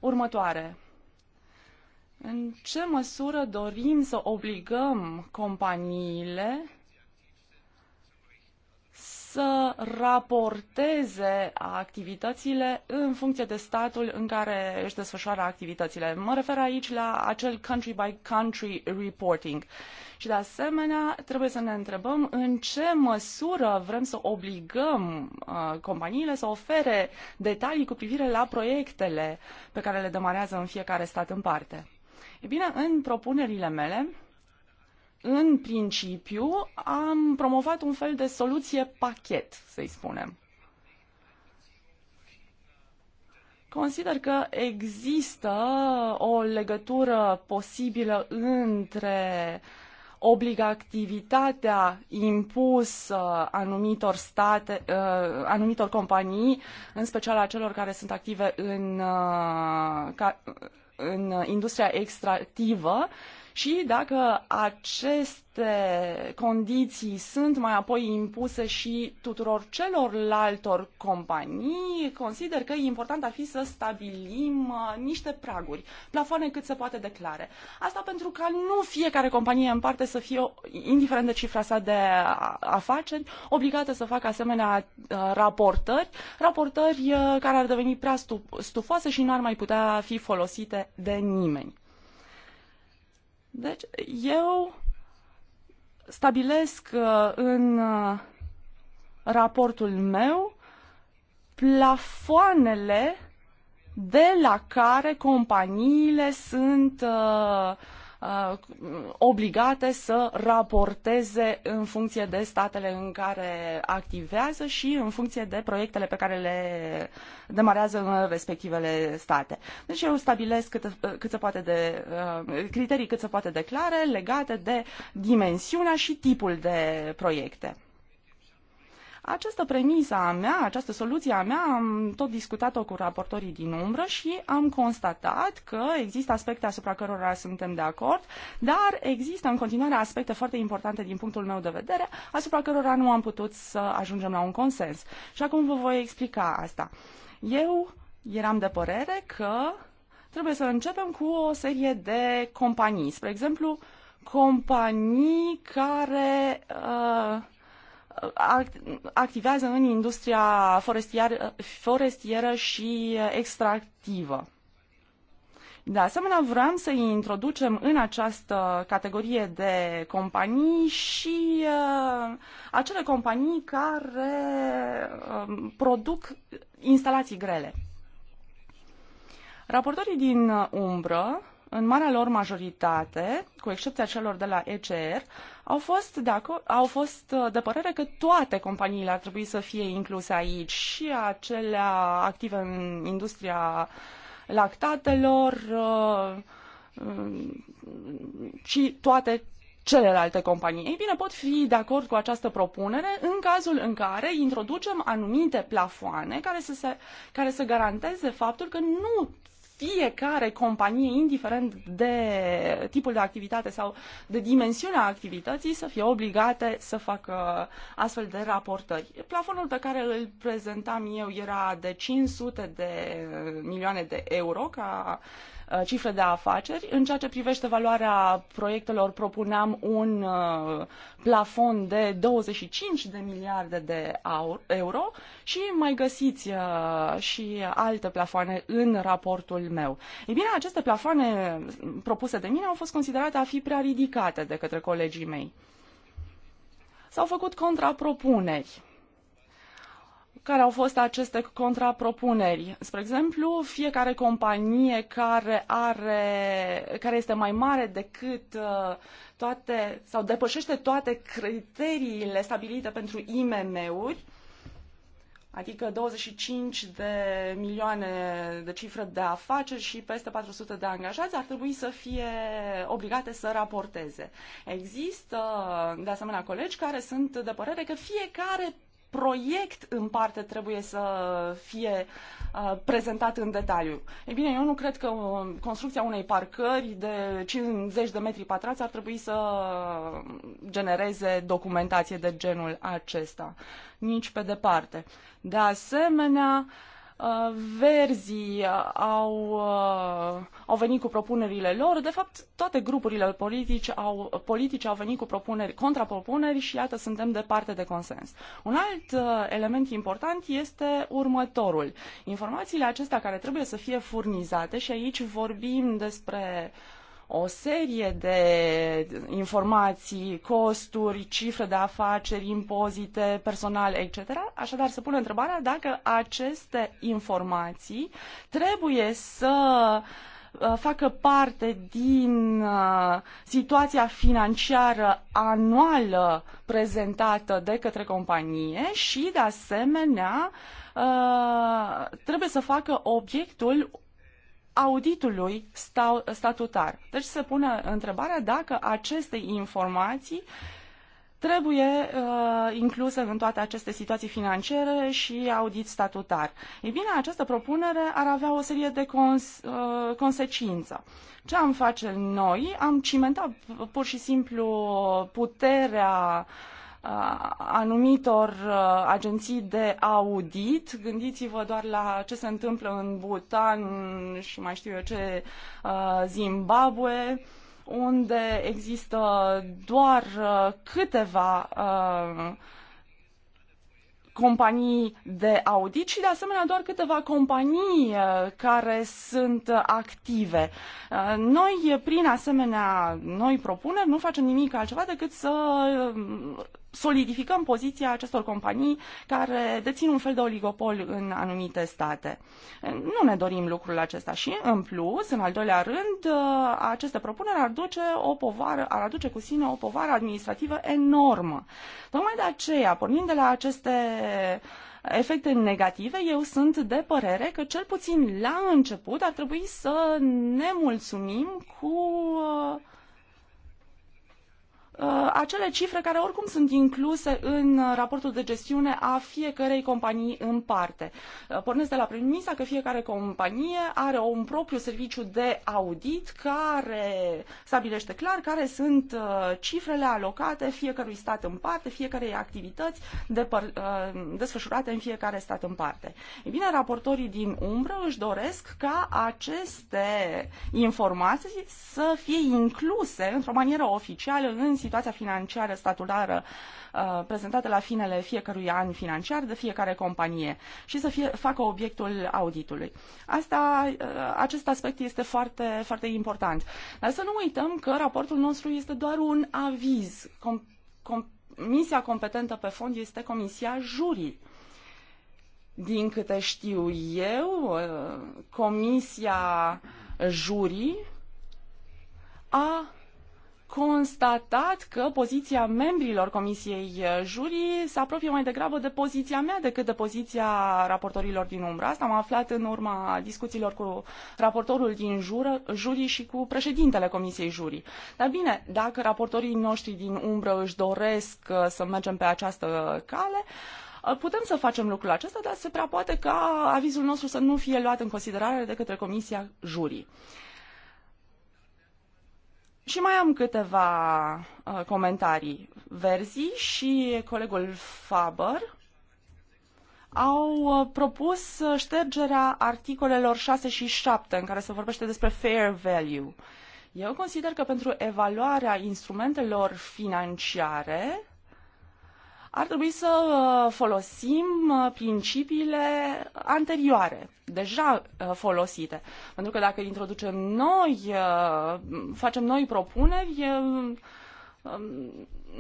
Speaker 2: următoare. În ce măsură dorim să obligăm companiile să raporteze activitățile în funcție de statul în care își desfășoară activitățile. Mă refer aici la acel country by country reporting. Și de asemenea, trebuie să ne întrebăm în ce măsură vrem să obligăm uh, companiile să ofere detalii cu privire la proiectele pe care le demarează în fiecare stat în parte. E bine, în propunerile mele, în principiu, am promovat un fel de soluție pachet, să-i spunem. Consider că există o legătură posibilă între obligativitatea impusă anumitor state, uh, anumitor companii, în special a celor care sunt active în, uh, în industria extractivă, și dacă aceste condiții sunt mai apoi impuse și tuturor celorlaltor companii, consider că e important ar fi să stabilim uh, niște praguri, plafoane cât se poate declare. Asta pentru ca nu fiecare companie în parte să fie, indiferent de cifra sa de uh, afaceri, obligată să facă asemenea uh, raportări, raportări care ar deveni prea stufoase și nu ar mai putea fi folosite de nimeni. Deci, eu stabilesc uh, în uh, raportul meu plafoanele de la care companiile sunt uh, uh, obligate să raporteze în funcție de statele în care activează și în funcție de proiectele pe care le demarează în respectivele state. Deci eu stabilesc cât, cât se poate de uh, criterii cât se poate de clare legate de dimensiunea și tipul de proiecte. Această premisă a mea, această soluție a mea, am tot discutat-o cu raportorii din umbră și am constatat că există aspecte asupra cărora suntem de acord, dar există în continuare aspecte foarte importante din punctul meu de vedere, asupra cărora nu am putut să ajungem la un consens. Și acum vă voi explica asta. Eu eram de părere că trebuie să începem cu o serie de companii. Spre exemplu, companii care uh, activează în industria forestieră și extractivă. De asemenea, vreau să introducem în această categorie de companii și uh, acele companii care uh, produc instalații grele. Raportorii din umbră în marea lor majoritate, cu excepția celor de la ECR, au fost, de acord, au fost uh, de părere că toate companiile ar trebui să fie incluse aici, și acelea active în industria lactatelor, uh, și toate celelalte companii. Ei bine, pot fi de acord cu această propunere în cazul în care introducem anumite plafoane care să, se, care să garanteze faptul că nu fiecare companie, indiferent de tipul de activitate sau de dimensiunea activității, să fie obligate să facă astfel de raportări. Plafonul pe care îl prezentam eu era de 500 de milioane de euro ca uh, Uh, cifre de afaceri. În ceea ce privește valoarea proiectelor, propuneam un uh, plafon de 25 de miliarde de euro și mai găsiți uh, și alte plafoane în raportul meu. Ei bine, aceste plafoane propuse de mine au fost considerate a fi prea ridicate de către colegii mei. S-au făcut contrapropuneri care au fost aceste contrapropuneri. Spre exemplu, fiecare companie care, are, care este mai mare decât uh, toate sau depășește toate criteriile stabilite pentru IMM-uri, adică 25 de milioane de cifre de afaceri și peste 400 de angajați ar trebui să fie obligate să raporteze. Există, de asemenea, colegi care sunt de părere că fiecare proiect în parte trebuie să fie uh, prezentat în detaliu. Ei bine, eu nu cred că uh, construcția unei parcări de 50 de metri pătrați ar trebui să genereze documentație de genul acesta. Nici pe departe. De asemenea, uh, Uh, verzii uh, au, uh, au venit cu propunerile lor. De fapt, toate grupurile politice au, politice au venit cu propuneri, contrapropuneri și iată, suntem departe de consens. Un alt element important este următorul. Informațiile acestea care trebuie să fie furnizate și aici vorbim despre uh, o serie de informații, costuri, cifre de afaceri, impozite, personal, etc. Așadar, se pune întrebarea dacă aceste informații trebuie să uh, facă parte din uh, situația financiară anuală prezentată de către companie și, de asemenea, uh, trebuie să facă obiectul auditului stau, statutar. Deci se pune întrebarea dacă aceste informații trebuie uh, incluse în toate aceste situații financiare și audit statutar. Ei bine, această propunere ar avea o serie de cons- uh, consecință. Ce am face noi? Am cimentat pur și simplu puterea uh, Uh, anumitor uh, agenții de audit. Gândiți-vă doar la ce se întâmplă în Bhutan și mai știu eu ce, uh, Zimbabwe, unde există doar câteva companii de audit și de asemenea doar câteva companii care sunt active. Noi, prin asemenea, noi propuneri, nu facem nimic altceva decât să solidificăm poziția acestor companii care dețin un fel de oligopol în anumite state. Nu ne dorim lucrul acesta și, în plus, în al doilea rând, aceste propuneri ar, duce o povară, ar aduce cu sine o povară administrativă enormă. Tocmai de aceea, pornind de la aceste efecte negative, eu sunt de părere că cel puțin la început ar trebui să ne mulțumim cu uh, Uh, acele cifre care oricum sunt incluse în uh, raportul de gestiune a fiecărei companii în parte. Uh, pornesc de la premisa că fiecare companie are un propriu serviciu de audit care stabilește clar care sunt cifrele alocate fiecărui stat în parte, fiecarei activități desfășurate în fiecare stat în parte. Ei bine, raportorii din umbră își doresc ca aceste informații să fie incluse într-o manieră oficială în sistemul situația financiară statulară uh, prezentată la finele fiecărui an financiar de fiecare companie și să fie, facă obiectul auditului. Asta, uh, acest aspect este foarte, foarte important. Dar să nu uităm că raportul nostru este doar un aviz. Com, com, misia competentă pe fond este comisia jurii. Din câte știu eu, uh, comisia jurii a constatat că poziția membrilor Comisiei eh, Jurii se apropie mai degrabă de poziția mea decât de poziția raportorilor din umbră. Asta am aflat în urma discuțiilor cu raportorul din jură, jurii și cu președintele Comisiei Jurii. Dar bine, dacă raportorii noștri din umbră își doresc eh, să mergem pe această cale, eh, Putem să facem lucrul acesta, dar se prea poate ca avizul nostru să nu fie luat în considerare de către Comisia Jurii. Și mai am câteva uh, comentarii. Verzi și colegul Faber au uh, propus uh, ștergerea articolelor 6 și 7 în care se vorbește despre fair value. Eu consider că pentru evaluarea instrumentelor financiare ar trebui să uh, folosim uh, principiile anterioare, deja uh, folosite. Pentru că dacă introducem noi, facem noi propuneri, um,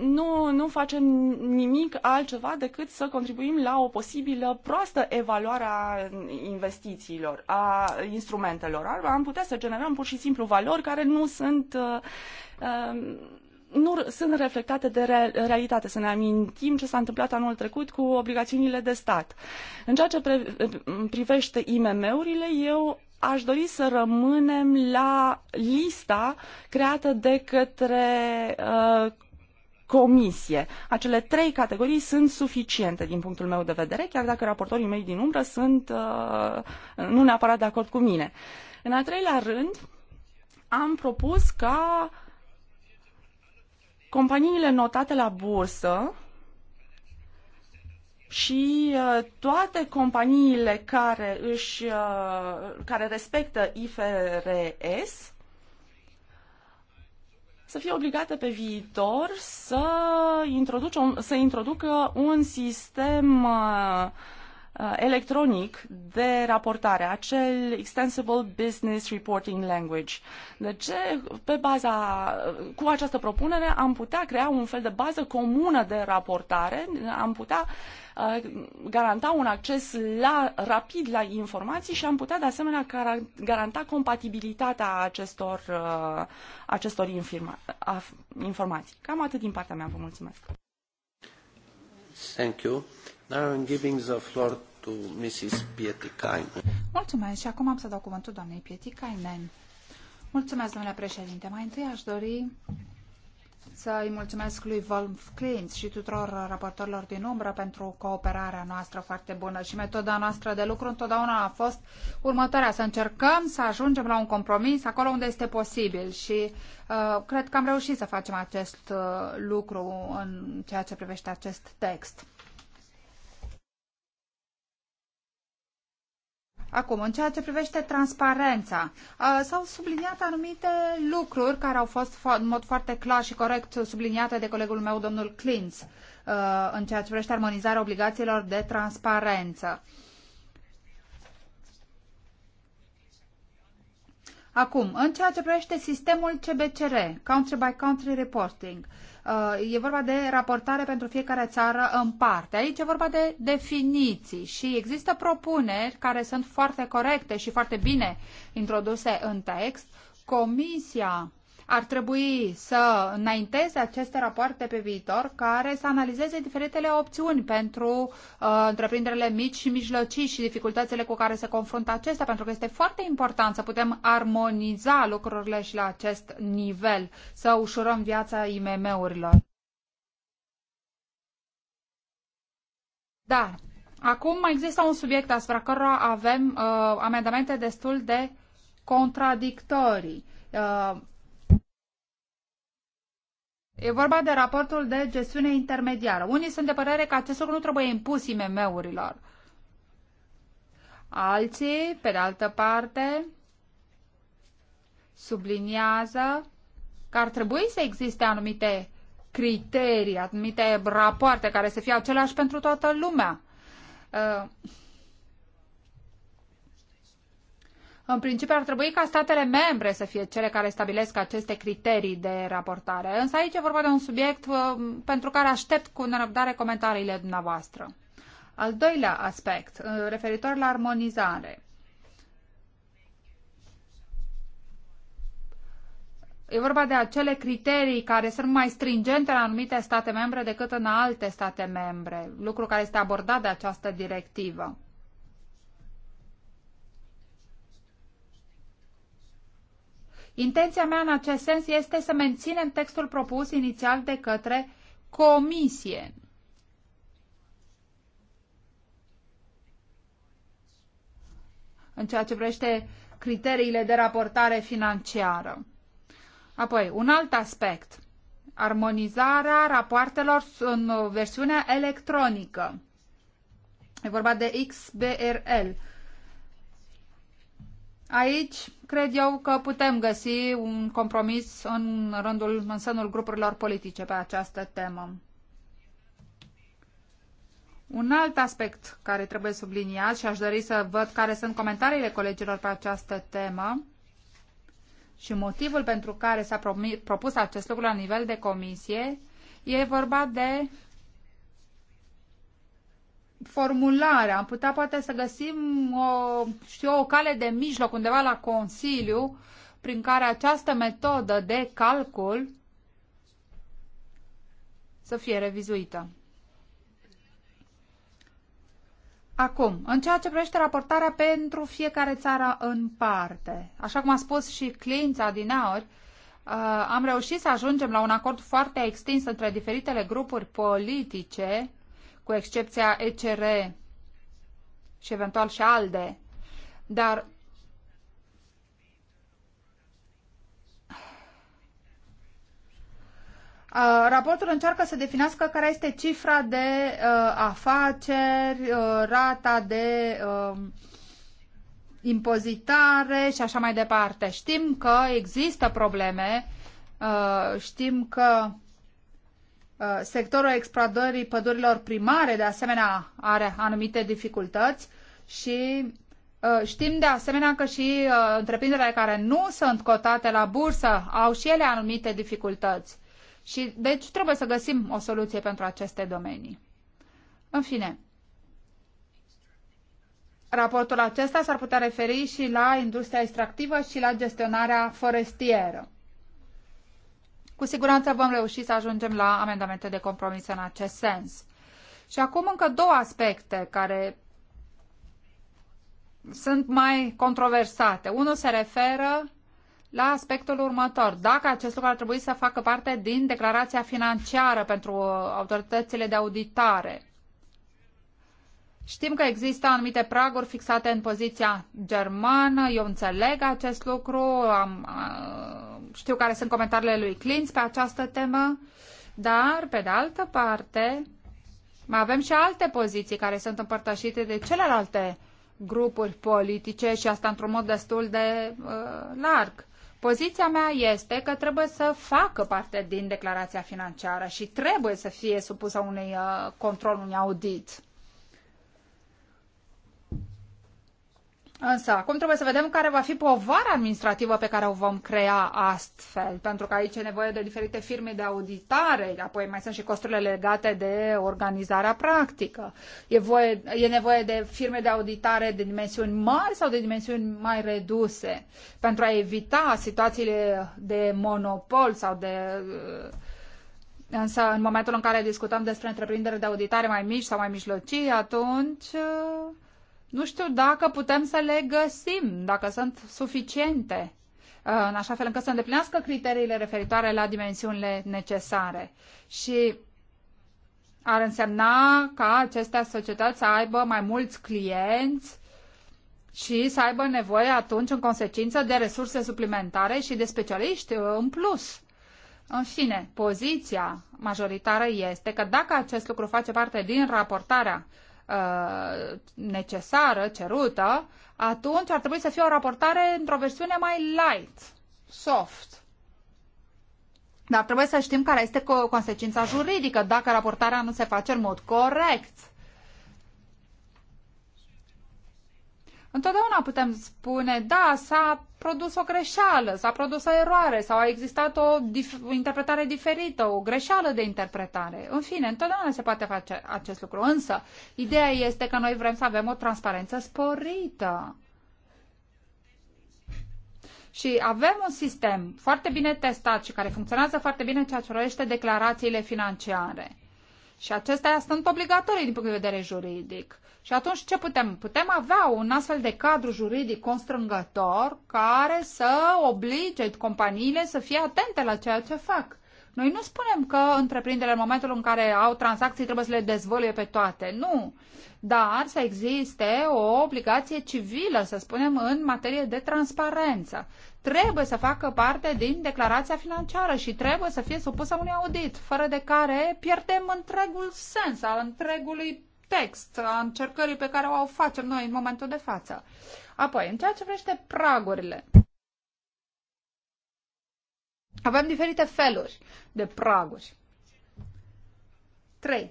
Speaker 2: nu, nu facem nimic altceva decât să contribuim la o posibilă proastă evaluare a investițiilor, a instrumentelor. Am putea să generăm pur și simplu valori care nu sunt uh, um, nu sunt reflectate de realitate. Să ne amintim ce s-a întâmplat anul trecut cu obligațiunile de stat. În ceea ce privește IMM-urile, eu aș dori să rămânem la lista creată de către uh, comisie. Acele trei categorii sunt suficiente din punctul meu de vedere, chiar dacă raportorii mei din umbră sunt uh, nu neapărat de acord cu mine. În al treilea rând, am propus ca uh, companiile notate la bursă și uh, toate companiile care, își, uh, care respectă IFRS să fie obligate pe viitor să, introducă, să introducă un sistem uh, Uh, electronic de raportare, acel Extensible Business Reporting Language. De ce pe baza, cu această propunere am putea crea un fel de bază comună de raportare, am putea uh, garanta un acces la, rapid la informații și am putea de asemenea garanta compatibilitatea acestor, uh, acestor informa, informații. Cam atât din partea mea, vă
Speaker 1: mulțumesc. Thank you. Now I'm giving the floor to Mrs. Pietikainen.
Speaker 3: Mulțumesc și acum am să dau cuvântul doamnei Pietikainen. Mulțumesc, domnule președinte. Mai întâi aș dori să îi mulțumesc lui Wolf Klintz și tuturor raportorilor din umbră pentru cooperarea noastră foarte bună și metoda noastră de lucru întotdeauna a fost următoarea, să încercăm să ajungem la un compromis acolo unde este posibil și uh, cred că am reușit să facem acest uh, lucru în ceea ce privește acest text. Acum, în ceea ce privește transparența, uh, s-au subliniat anumite lucruri care au fost în mod foarte clar și corect subliniate de colegul meu, domnul Clintz, uh, în ceea ce privește armonizarea obligațiilor de transparență. Acum, în ceea ce privește sistemul CBCR, Country by Country Reporting, uh, e vorba de raportare pentru fiecare țară în parte. Aici e vorba de definiții și există propuneri care sunt foarte corecte și foarte bine introduse în text. Comisia ar trebui să înainteze aceste rapoarte pe viitor care să analizeze diferitele opțiuni pentru uh, întreprinderile mici și mijlocii și dificultățile cu care se confruntă acestea, pentru că este foarte important să putem armoniza lucrurile și la acest nivel, să ușurăm viața IMM-urilor. Dar acum mai există un subiect asupra cărora avem uh, amendamente destul de contradictorii. Uh, E vorba de raportul de gestiune intermediară. Unii sunt de părere că acest lucru nu trebuie impus IMM-urilor. Alții, pe de altă parte, subliniază că ar trebui să existe anumite criterii, anumite rapoarte care să fie aceleași pentru toată lumea. Uh, În principiu ar trebui ca statele membre să fie cele care stabilesc aceste criterii de raportare, însă aici e vorba de un subiect uh, pentru care aștept cu nerăbdare comentariile dumneavoastră. Al doilea aspect, uh, referitor la armonizare. E vorba de acele criterii care sunt mai stringente la anumite state membre decât în alte state membre, lucru care este abordat de această directivă. Intenția mea în acest sens este să menținem textul propus inițial de către Comisie. În ceea ce vrește criteriile de raportare financiară. Apoi, un alt aspect. Armonizarea rapoartelor în versiunea electronică. E vorba de XBRL Aici cred eu că putem găsi un compromis în rândul, în sânul grupurilor politice pe această temă. Un alt aspect care trebuie subliniat și aș dori să văd care sunt comentariile colegilor pe această temă și motivul pentru care s-a propus acest lucru la nivel de comisie, e vorba de formularea Am putea poate să găsim o, știu, o cale de mijloc undeva la Consiliu prin care această metodă de calcul să fie revizuită. Acum, în ceea ce privește raportarea pentru fiecare țară în parte, așa cum a spus și Clința din aur, uh, am reușit să ajungem la un acord foarte extins între diferitele grupuri politice cu excepția ECR și eventual și ALDE, dar Raportul încearcă să definească care este cifra de uh, afaceri, uh, rata de uh, impozitare și așa mai departe. Știm că există probleme, uh, știm că Uh, sectorul exploatării pădurilor primare, de asemenea, are anumite dificultăți și uh, Știm de asemenea că și uh, întreprinderile care nu sunt cotate la bursă au și ele anumite dificultăți. Și deci trebuie să găsim o soluție pentru aceste domenii. În fine, raportul acesta s-ar putea referi și la industria extractivă și la gestionarea forestieră. Cu siguranță vom reuși să ajungem la amendamente de compromis în acest sens. Și acum încă două aspecte care sunt mai controversate. Unul se referă la aspectul următor. Dacă acest lucru ar trebui să facă parte din declarația financiară pentru autoritățile de auditare. Știm că există anumite praguri fixate în poziția germană, eu înțeleg acest lucru, am, știu care sunt comentariile lui Clint pe această temă, dar, pe de altă parte, mai avem și alte poziții care sunt împărtășite de celelalte grupuri politice și asta într-un mod destul de uh, larg. Poziția mea este că trebuie să facă parte din declarația financiară și trebuie să fie supusă unui uh, control, unui audit. Însă, acum trebuie să vedem care va fi povara administrativă pe care o vom crea astfel, pentru că aici e nevoie de diferite firme de auditare, apoi mai sunt și costurile legate de organizarea practică. E, voie, e nevoie de firme de auditare de dimensiuni mari sau de dimensiuni mai reduse, pentru a evita situațiile de monopol sau de uh, Însă, în momentul în care discutăm despre întreprinderi de auditare mai mici sau mai mijlocii, atunci uh, nu știu dacă putem să le găsim, dacă sunt suficiente, uh, în așa fel încât să îndeplinească criteriile referitoare la dimensiunile necesare. Și ar însemna ca aceste societăți să aibă mai mulți clienți și să aibă nevoie atunci, în consecință, de resurse suplimentare și de specialiști uh, în plus. În fine, poziția majoritară este că dacă acest lucru face parte din raportarea uh, Uh, necesară, cerută, atunci ar trebui să fie o raportare într-o versiune mai light, soft. Dar trebuie să știm care este consecința juridică dacă raportarea nu se face în mod corect. Întotdeauna putem spune, da, s-a produs o greșeală, s-a produs o eroare sau a existat o, dif- o interpretare diferită, o greșeală de interpretare. În fine, întotdeauna se poate face acest lucru. Însă, ideea este că noi vrem să avem o transparență sporită. Și avem un sistem foarte bine testat și care funcționează foarte bine ceea ce declarațiile financiare. Și acestea sunt obligatorii din punct de vedere juridic. Și atunci ce putem? Putem avea un astfel de cadru juridic constrângător care să oblige companiile să fie atente la ceea ce fac. Noi nu spunem că întreprinderile în momentul în care au tranzacții trebuie să le dezvăluie pe toate, nu. Dar să existe o obligație civilă, să spunem, în materie de transparență. Trebuie să facă parte din declarația financiară și trebuie să fie supusă unui audit, fără de care pierdem întregul sens al întregului text, a încercării pe care o facem noi în momentul de față. Apoi, în ceea ce vrește pragurile, avem diferite feluri de praguri. 3.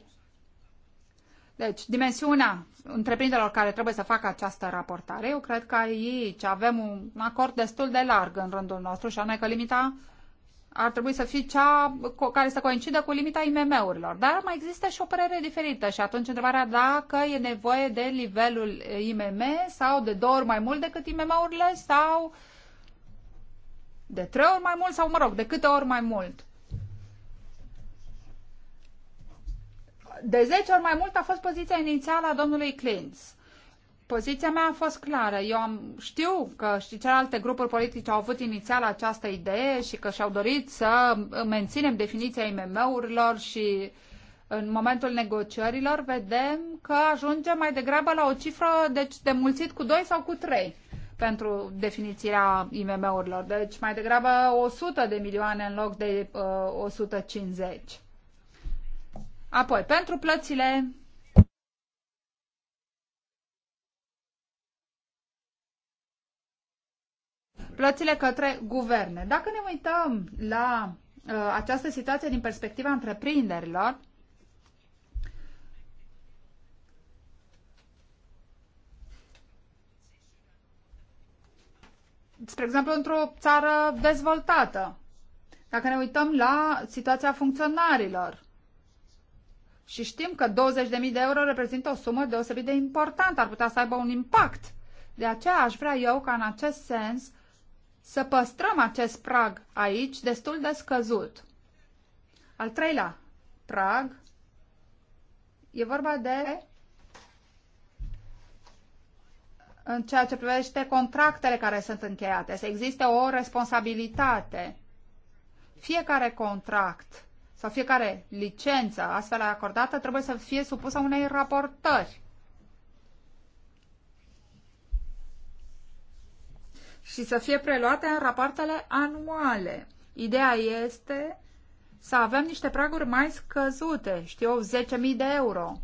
Speaker 3: Deci, dimensiunea întreprinderilor care trebuie să facă această raportare, eu cred că aici avem un acord destul de larg în rândul nostru și anume că limita ar trebui să fie cea care să coincidă cu limita IMM-urilor. Dar mai există și o părere diferită și atunci întrebarea dacă e nevoie de nivelul IMM sau de două ori mai mult decât IMM-urile sau de trei ori mai mult sau, mă rog, de câte ori mai mult? De 10 ori mai mult a fost poziția inițială a domnului Clintz. Poziția mea a fost clară. Eu am, știu că și celelalte grupuri politice au avut inițial această idee și că și-au dorit să menținem definiția IMM-urilor și în momentul negocierilor vedem că ajungem mai degrabă la o cifră deci, de mulțit cu 2 sau cu 3 pentru definițirea IMM-urilor. Deci mai degrabă 100 de milioane în loc de uh, 150. Apoi, pentru plățile plățile către guverne. Dacă ne uităm la uh, această situație din perspectiva întreprinderilor, spre exemplu, într-o țară dezvoltată, dacă ne uităm la situația funcționarilor, și știm că 20.000 de euro reprezintă o sumă deosebit de importantă, ar putea să aibă un impact. De aceea aș vrea eu ca în acest sens să păstrăm acest prag aici destul de scăzut. Al treilea prag e vorba de în ceea ce privește contractele care sunt încheiate, să existe o responsabilitate. Fiecare contract sau fiecare licență astfel acordată trebuie să fie supusă unei raportări. Și să fie preluate în rapoartele anuale. Ideea este să avem niște praguri mai scăzute, știu, 10.000 de euro.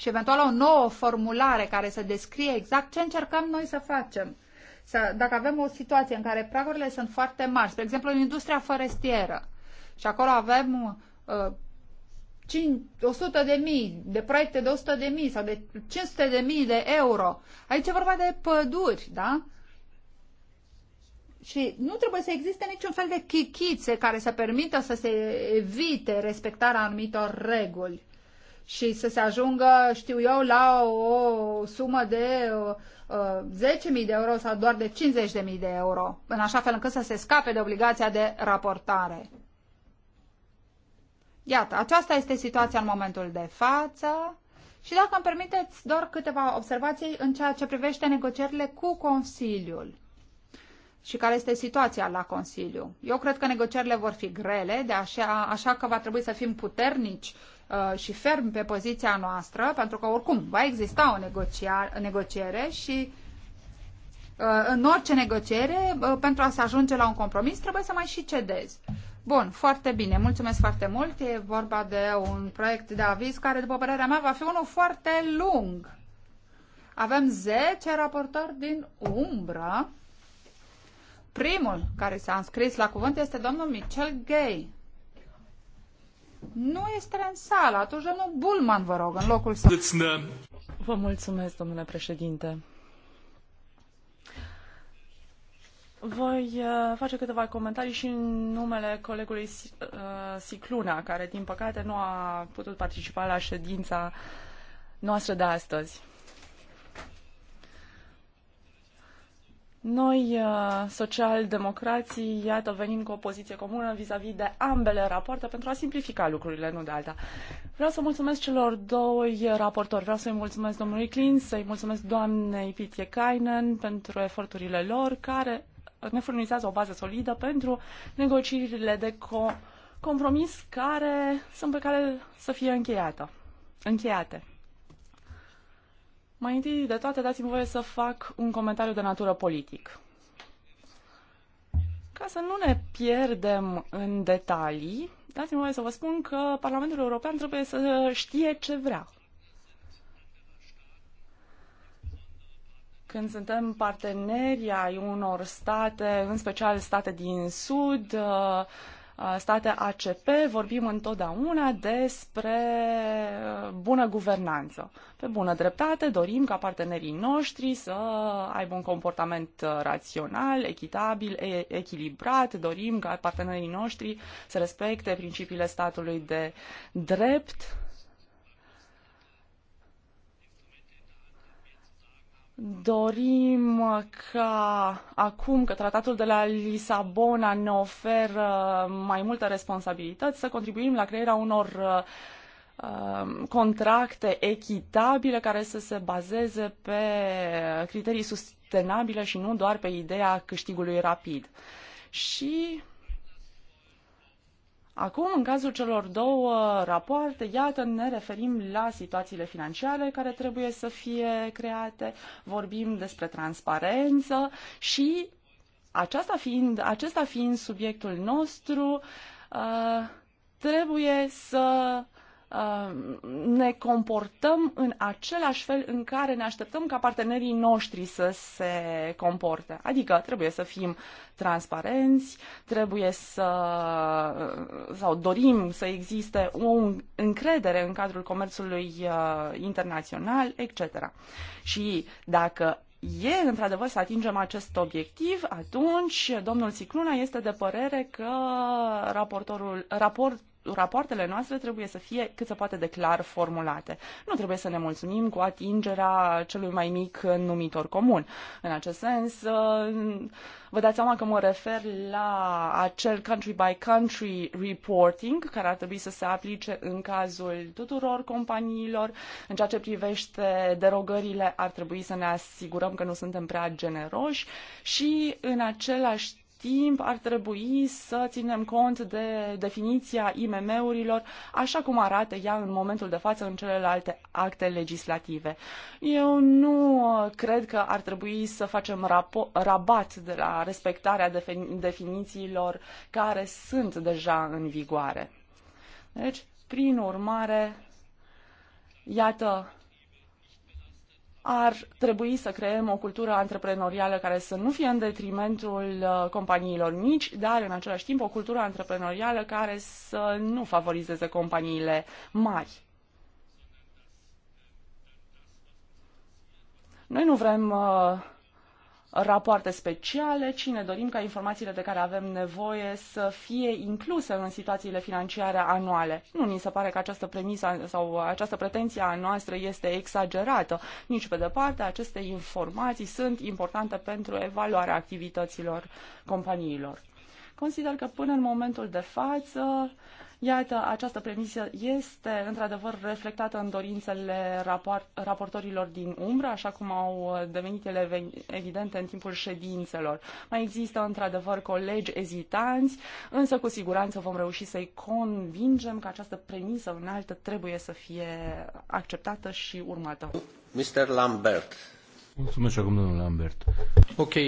Speaker 3: și eventual o nouă formulare care să descrie exact ce încercăm noi să facem. Să, dacă avem o situație în care pragurile sunt foarte mari, spre exemplu în industria forestieră, și acolo avem uh, 100 de mii, de proiecte de 100 de mii sau de 500 de mii de euro. Aici e vorba de păduri, da? Și nu trebuie să existe niciun fel de chichițe care să permită să se evite respectarea anumitor reguli și să se ajungă, știu eu, la o sumă de uh, 10.000 de euro sau doar de 50.000 de euro, în așa fel încât să se scape de obligația de raportare. Iată, aceasta este situația în momentul de față. Și dacă îmi permiteți doar câteva observații în ceea ce privește negocierile cu Consiliul și care este situația la Consiliu. Eu cred că negocierile vor fi grele, de așa, așa că va trebui să fim puternici Uh, și ferm pe poziția noastră, pentru că oricum va exista o negocia- negociere și uh, în orice negociere, uh, pentru a se ajunge la un compromis, trebuie să mai și cedezi. Bun, foarte bine, mulțumesc foarte mult. E vorba de un proiect de aviz care, după părerea mea, va fi unul foarte lung. Avem 10 raportori din umbră. Primul care s-a înscris la cuvânt este domnul Michel Gay nu este în sală. Atunci, domnul
Speaker 2: Bulman, vă rog, în locul său. Vă mulțumesc, domnule președinte. Voi uh, face câteva comentarii și în numele colegului uh, Sicluna, care din păcate nu a putut participa la ședința noastră de astăzi. Noi, uh, socialdemocrații, iată, venim cu o poziție comună vis-a-vis -vis de ambele rapoarte pentru a simplifica lucrurile, nu de alta. Vreau să mulțumesc celor doi raportori. Vreau să-i mulțumesc domnului Clin, să-i mulțumesc doamnei Pitie Kainen pentru eforturile lor, care ne furnizează o bază solidă pentru negocierile de co- compromis care sunt pe care să fie încheiată, încheiate. Mai întâi de toate, dați-mi voie să fac un comentariu de natură politic. Ca să nu ne pierdem în detalii, dați-mi voie să vă spun că Parlamentul European trebuie să știe ce vrea. Când suntem parteneri ai unor state, în special state din Sud, Uh, state ACP vorbim întotdeauna despre uh, bună guvernanță. Pe bună dreptate dorim ca partenerii noștri să aibă un comportament uh, rațional, echitabil, echilibrat, dorim ca partenerii noștri să respecte principiile statului de drept, dorim ca acum că tratatul de la Lisabona ne oferă mai multe responsabilități să contribuim la crearea unor uh, contracte echitabile care să se bazeze pe criterii sustenabile și nu doar pe ideea câștigului rapid. Și Acum, în cazul celor două rapoarte, iată, ne referim la situațiile financiare care trebuie să fie create, vorbim despre transparență și aceasta fiind, acesta fiind subiectul nostru, uh, trebuie să Uh, ne comportăm în același fel în care ne așteptăm ca partenerii noștri să se comporte. Adică trebuie să fim transparenți, trebuie să uh, sau dorim să existe o încredere în cadrul comerțului uh, internațional, etc. Și dacă e într-adevăr să atingem acest obiectiv, atunci domnul Sicluna este de părere că raportorul, raport, rapoartele noastre trebuie să fie cât se poate de clar formulate. Nu trebuie să ne mulțumim cu atingerea celui mai mic numitor comun. În acest sens, vă dați seama că mă refer la acel country by country reporting care ar trebui să se aplice în cazul tuturor companiilor. În ceea ce privește derogările, ar trebui să ne asigurăm că nu suntem prea generoși și în același timp ar trebui să ținem cont de definiția IMM-urilor așa cum arată ea în momentul de față în celelalte acte legislative. Eu nu uh, cred că ar trebui să facem rabat de la respectarea definițiilor care sunt deja în vigoare. Deci, prin urmare, iată ar trebui să creăm o cultură antreprenorială care să nu fie în detrimentul uh, companiilor mici, dar în același timp o cultură antreprenorială care să nu favorizeze companiile mari. Noi nu vrem uh, rapoarte speciale, ci ne dorim ca informațiile de care avem nevoie să fie incluse în situațiile financiare anuale. Nu ni se pare că această premisă sau această pretenție a noastră este exagerată. Nici pe departe, aceste informații sunt importante pentru evaluarea activităților companiilor. Consider că până în momentul de față Iată, această premisă este într-adevăr reflectată în dorințele rapor- raportorilor din umbră, așa cum au devenit ele evidente în timpul ședințelor. Mai există într-adevăr colegi ezitanți, însă cu siguranță vom reuși să-i convingem că această premisă înaltă trebuie să fie acceptată și urmată.
Speaker 1: Mr. Lambert. Mulțumesc acum, domnul Lambert.
Speaker 3: Ok, uh,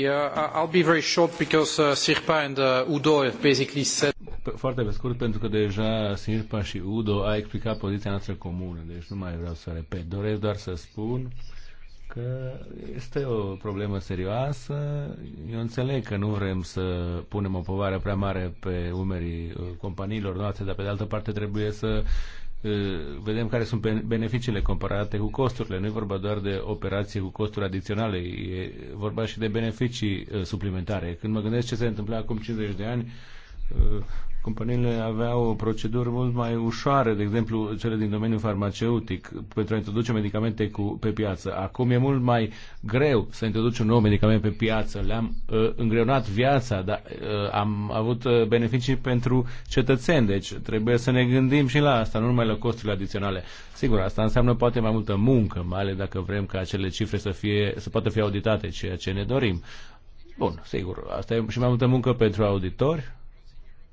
Speaker 3: I'll be very short because uh, Sirpa and uh, Udo have basically
Speaker 1: said... Foarte pe scurt, pentru că deja Sirpa și Udo a explicat poziția noastră comună, deci nu mai vreau să repet. Doresc doar să spun că este o problemă serioasă. Eu înțeleg că nu vrem să punem o povară prea mare pe umerii uh, companiilor noastre, dar pe de altă parte trebuie să Eh, vedem care sunt beneficiile comparate cu costurile. Nu e vorba doar de operații cu costuri adiționale, e vorba și de beneficii eh, suplimentare. Când mă gândesc ce se întâmplă acum 50 de ani, eh, companiile aveau proceduri mult mai ușoare, de exemplu cele din domeniul farmaceutic, pentru a introduce medicamente cu, pe piață. Acum e mult mai greu să introduci un nou medicament pe piață. Le-am uh, îngreunat viața, dar uh, am avut uh, beneficii pentru cetățeni, deci trebuie să ne gândim și la asta, nu numai la costurile adiționale. Sigur, asta înseamnă poate mai multă muncă, mai ales dacă vrem ca acele cifre să, fie, să poată fi auditate, ceea ce ne dorim. Bun, sigur, asta e și mai multă muncă pentru auditori,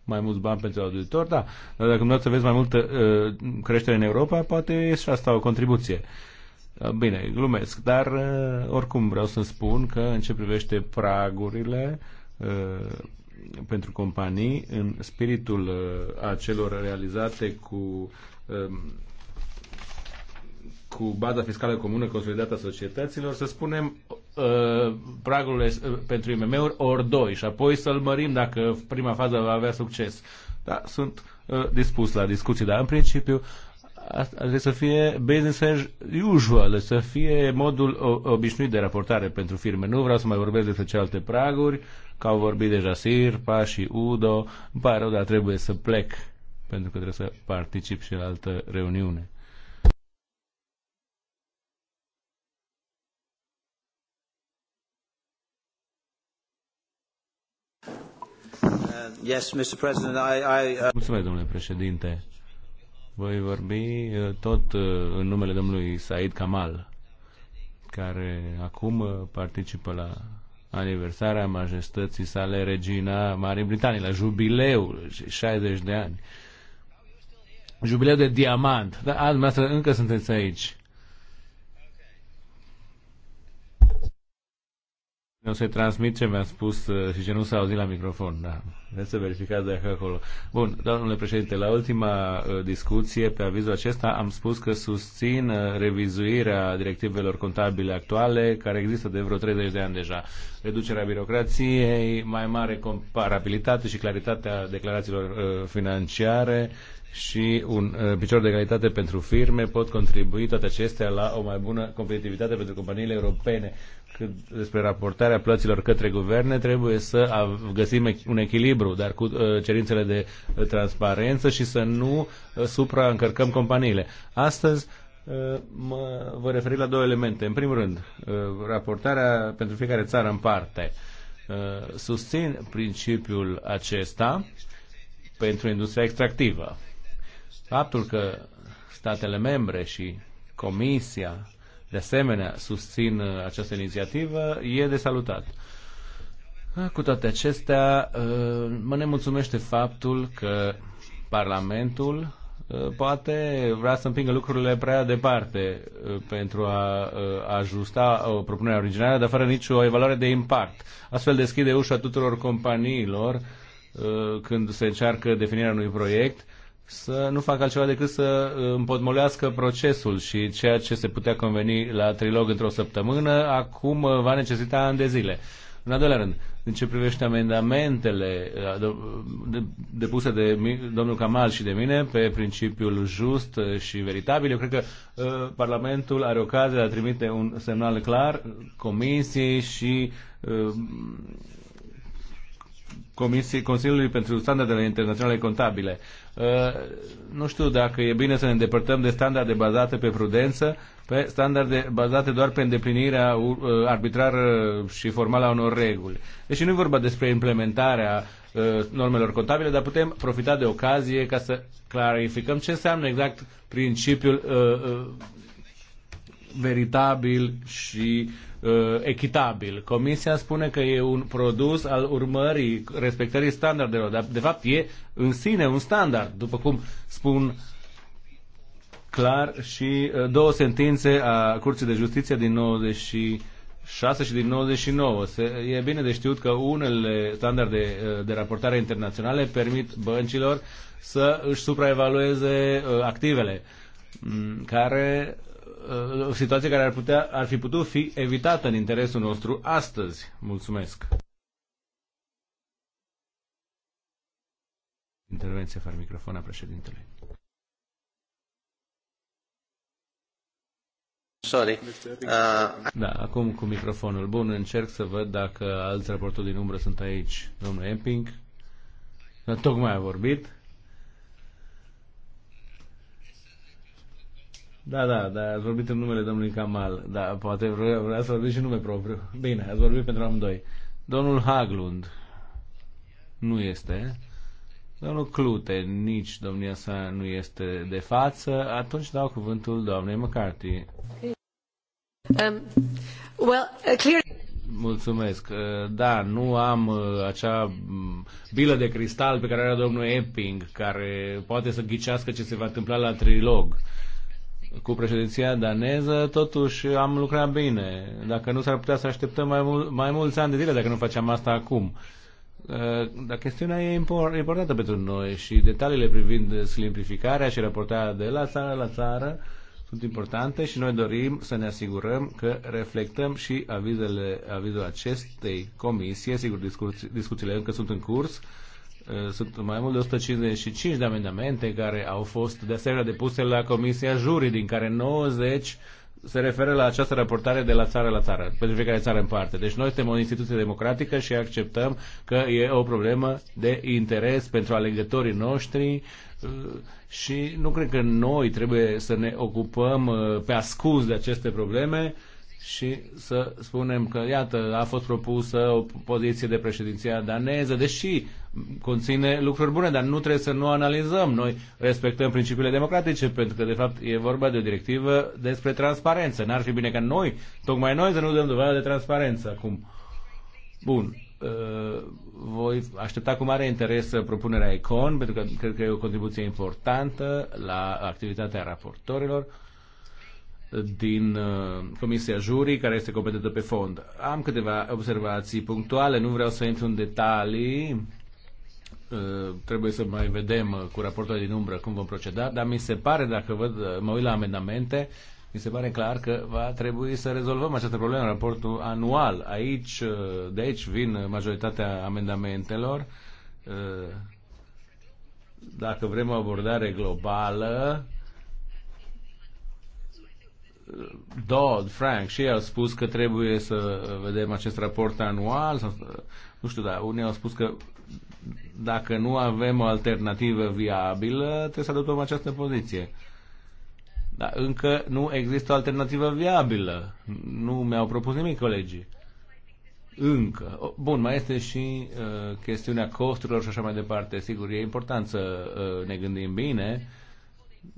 Speaker 1: mai mulți bani pentru auditor, da, dar dacă nu să vezi mai multă uh, creștere în Europa, poate e și asta o contribuție. Uh, bine, glumesc, dar uh, oricum vreau să spun că în ce privește pragurile uh, pentru companii, în spiritul uh, acelor realizate cu uh, cu baza fiscală comună consolidată a societăților, să spunem Pragul uh, pragurile uh, pentru IMM-uri ori 2 și apoi să-l mărim dacă prima fază va avea succes. Da, sunt uh, dispus la discuții, dar în principiu trebuie să fie business as usual, să fie modul obișnuit de raportare pentru firme. Nu vreau să mai vorbesc despre celelalte praguri, că au vorbit deja Sirpa și Udo. Îmi pare rău, dar trebuie să plec, pentru că trebuie să particip și la altă reuniune. yes, Mr. President, I, I, uh... Mulțumesc, domnule președinte. Voi vorbi uh, tot uh, în numele domnului Said Kamal, care acum uh, participă la aniversarea majestății sale regina Marii Britanii, la jubileul 60 de ani. Jubileu de diamant. Dar dumneavoastră încă sunteți aici. Nu se transmite, mi-a spus uh, și ce nu s-a auzit la microfon. Da. Vreți să verificați dacă acolo. Bun, domnule președinte, la ultima uh, discuție pe avizul acesta am spus că susțin uh, revizuirea directivelor contabile actuale, care există de vreo 30 de ani deja. Reducerea birocrației, mai mare comparabilitate și claritatea declarațiilor financiare și un picior de calitate pentru firme pot contribui toate acestea la o mai bună competitivitate pentru companiile europene cât despre raportarea plăților către guverne, trebuie să găsim un echilibru, dar cu uh, cerințele de uh, transparență și să nu uh, supraîncărcăm companiile. Astăzi mă voi referi la două elemente. În primul rând, raportarea pentru fiecare țară în parte. Susțin principiul acesta pentru industria extractivă. Faptul că statele membre și Comisia de asemenea susțin uh, această inițiativă, e de salutat. Uh, cu toate acestea, uh, mă nemulțumește faptul că Parlamentul poate vrea să împingă lucrurile prea departe pentru a ajusta o propunere originală, dar fără nicio evaluare de impact. Astfel deschide ușa tuturor companiilor când se încearcă definirea unui proiect să nu facă altceva decât să uh, împotmolească procesul și ceea ce se putea conveni la trilog într-o săptămână, acum uh, va necesita ani de zile. În al doilea rând, în ce privește amendamentele uh, depuse de domnul Kamal și de mine pe principiul just și veritabil, eu cred că Parlamentul are ocazia de a trimite un semnal clar Comisiei și Comisiei Consiliului pentru Standardele Internaționale Contabile. Uh, nu știu dacă e bine să ne îndepărtăm de standarde bazate pe prudență, pe standarde bazate doar pe îndeplinirea uh, arbitrară și formală a unor reguli. Deci nu e vorba despre implementarea uh, normelor contabile, dar putem profita de ocazie ca să clarificăm ce înseamnă exact principiul veritabil și uh, echitabil. Comisia spune că e un produs al urmării respectării standardelor, dar de fapt e în sine un standard, după cum spun clar și uh, două sentințe a Curții de Justiție din 90 6 și din 99. Se, e bine de știut că unele standarde uh, de raportare internaționale permit băncilor să își supraevalueze uh, activele care o situație care ar, putea, ar fi putut fi evitată în interesul nostru astăzi. Mulțumesc! Intervenție fără microfon a președintelui. Sorry. Uh... Da, acum cu microfonul bun încerc să văd dacă alți raportori din umbră sunt aici. Domnul Emping, tocmai a vorbit. Da, da, da, ați vorbit în numele domnului Kamal, da, poate vrea, vrea să vorbiți și nume propriu. Bine, ați vorbit pentru amândoi. Domnul Haglund nu este. Domnul Clute, nici domnia sa nu este de față. Atunci dau cuvântul doamnei McCarthy. Um, well, uh, clear... Mulțumesc. Uh, da, nu am uh, acea mm, bilă de cristal pe care era domnul Epping, care poate să ghicească ce se va întâmpla la trilog cu președinția daneză, totuși am lucrat bine. Dacă nu s-ar putea să așteptăm mai, mul- mai mulți ani de zile dacă nu facem asta acum. Uh, dar chestiunea e importantă pentru noi și detaliile privind simplificarea și raportarea de la țară la țară sunt importante și noi dorim să ne asigurăm că reflectăm și avizele, avizul acestei comisii, Sigur, discuțiile încă sunt în curs Eh, sunt mai mult de 155 de amendamente care au fost de asemenea depuse la Comisia Jurii, din care 90 se referă la această raportare de la țară la țară, pentru fiecare țară în parte. Deci noi suntem o instituție democratică și acceptăm că e o problemă de interes pentru alegătorii noștri eh, și nu cred că noi trebuie să ne ocupăm eh, pe ascuns de aceste probleme, și să spunem că, iată, a fost propusă o poziție de președinția daneză, deși conține lucruri bune, dar nu trebuie să nu analizăm. Noi respectăm principiile democratice, pentru că, de fapt, e vorba de o directivă despre transparență. N-ar fi bine ca noi, tocmai noi, să nu dăm dovadă de transparență acum. Bun. Uh, voi aștepta cu mare interes propunerea Icon, pentru că cred că e o contribuție importantă la activitatea raportorilor din uh, Comisia Jurii, care este competentă pe fond. Am câteva observații punctuale, nu vreau să intru în detalii, uh, trebuie să mai vedem uh, cu raportul din umbră cum vom proceda, dar mi se pare, dacă văd, mă uit la amendamente, mi se pare clar că va trebui să rezolvăm această problemă în raportul anual. Aici, de aici vin majoritatea amendamentelor. Dacă vrem o abordare globală, Dodd, Frank și ei au spus că trebuie să vedem acest raport anual. Sau, nu știu, dar unii au spus că dacă nu avem o alternativă viabilă, trebuie să adoptăm această poziție. Dar încă nu există o alternativă viabilă. Nu mi-au propus nimic colegii. Încă. Bun, mai este și uh, chestiunea costurilor și așa mai departe. Sigur, e important să uh, ne gândim bine,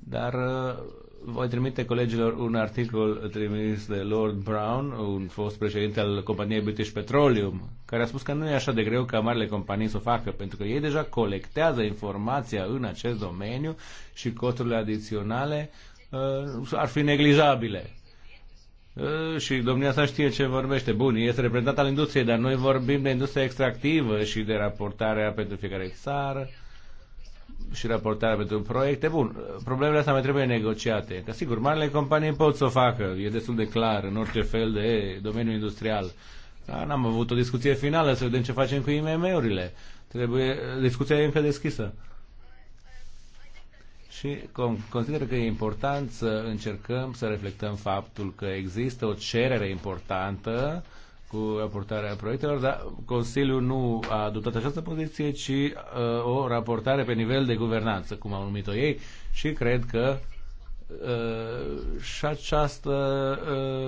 Speaker 1: dar uh, voi trimite colegilor un articol trimis de Lord Brown, un fost președinte al companiei British Petroleum, care a spus că nu e așa de greu ca marile companii să o facă, pentru că ei deja colectează informația în acest domeniu și costurile adiționale uh, ar fi neglijabile. Uh, și domnia sa știe ce vorbește. Bun, este reprezentat al industriei, dar noi vorbim de industria extractivă și de raportarea pentru fiecare țară. Uh, și raportarea pentru proiecte. Bun, problemele astea mai trebuie negociate. Că sigur, marile companii pot să o facă, e destul de clar în orice fel de domeniu industrial. Dar n-am avut o discuție finală să vedem ce facem cu IMM-urile. Trebuie, discuția e încă deschisă. Și consider că e important să încercăm să reflectăm faptul că există o cerere importantă uh, cu raportarea proiectelor, dar Consiliul nu a adoptat această poziție, ci uh, o raportare pe nivel de guvernanță, cum au numit-o ei, și cred că uh, și, această,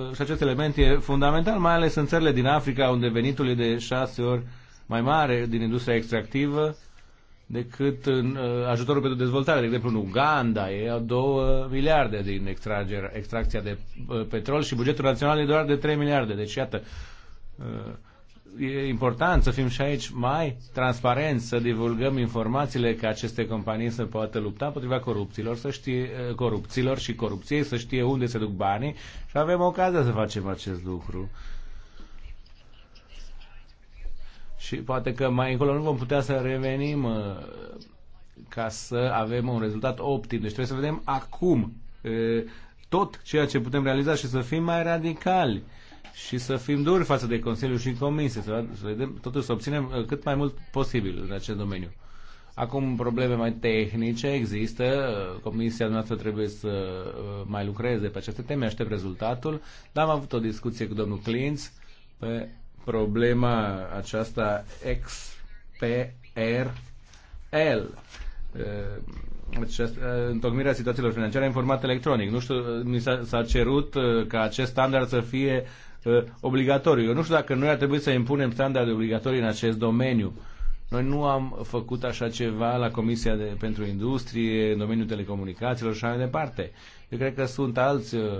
Speaker 1: uh, și acest element e fundamental, mai ales în țările din Africa, unde venitul e de șase ori mai mare din industria extractivă decât în uh, ajutorul pentru dezvoltare. De exemplu, în Uganda e au 2 miliarde din extragerea, extracția de uh, petrol și bugetul național e doar de 3 miliarde. Deci, iată, uh, Uh, e important să fim și aici mai transparenți, să divulgăm informațiile că aceste companii să poată lupta împotriva corupților, să știe, uh, corupților și corupției, să știe unde se duc banii și avem ocazia să facem acest lucru. Și poate că mai încolo nu vom putea să revenim uh, ca să avem un rezultat optim. Deci trebuie să vedem acum tot ceea ce putem realiza și să fim mai radicali și să fim duri față de Consiliu și Comisie, să, să vedem, totuși să obținem uh, cât mai mult posibil în acest domeniu. Acum probleme mai tehnice există, uh, comisia noastră trebuie să uh, mai lucreze pe aceste teme, aștept rezultatul, dar am avut o discuție cu domnul Clinț pe problema aceasta XPRL întocmirea situațiilor financiare în format electronic. Nu știu, mi s-a, cerut ca acest standard să fie Uh, obligatoriu. Eu nu știu dacă noi ar trebui să impunem standarde obligatorii în acest domeniu. Noi nu am făcut așa ceva la Comisia de, pentru Industrie, în domeniul telecomunicațiilor și așa mai departe. Eu cred că sunt alți uh,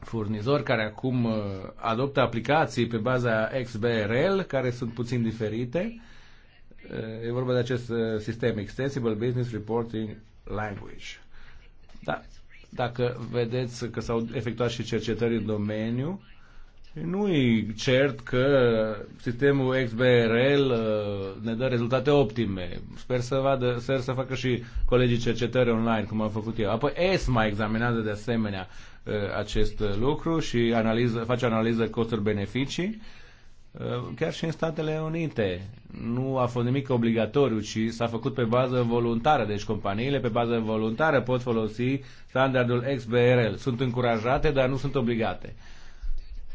Speaker 1: furnizori care acum uh, adoptă aplicații pe baza XBRL, care sunt puțin diferite. E vorba de acest sistem, Extensible Business Reporting Language. Da, dacă vedeți că s-au efectuat și cercetări în domeniu, nu e cert că sistemul XBRL uh, ne dă rezultate optime. Sper să, vadă, sper să facă și colegii cercetări online, cum am făcut eu. Apoi ESMA examinează de asemenea uh, acest lucru și analiză, face analiză costuri-beneficii. Uh, chiar și în Statele Unite nu a fost nimic obligatoriu, ci s-a făcut pe bază voluntară. Deci companiile pe bază voluntară pot folosi standardul XBRL. Sunt încurajate, dar nu sunt obligate.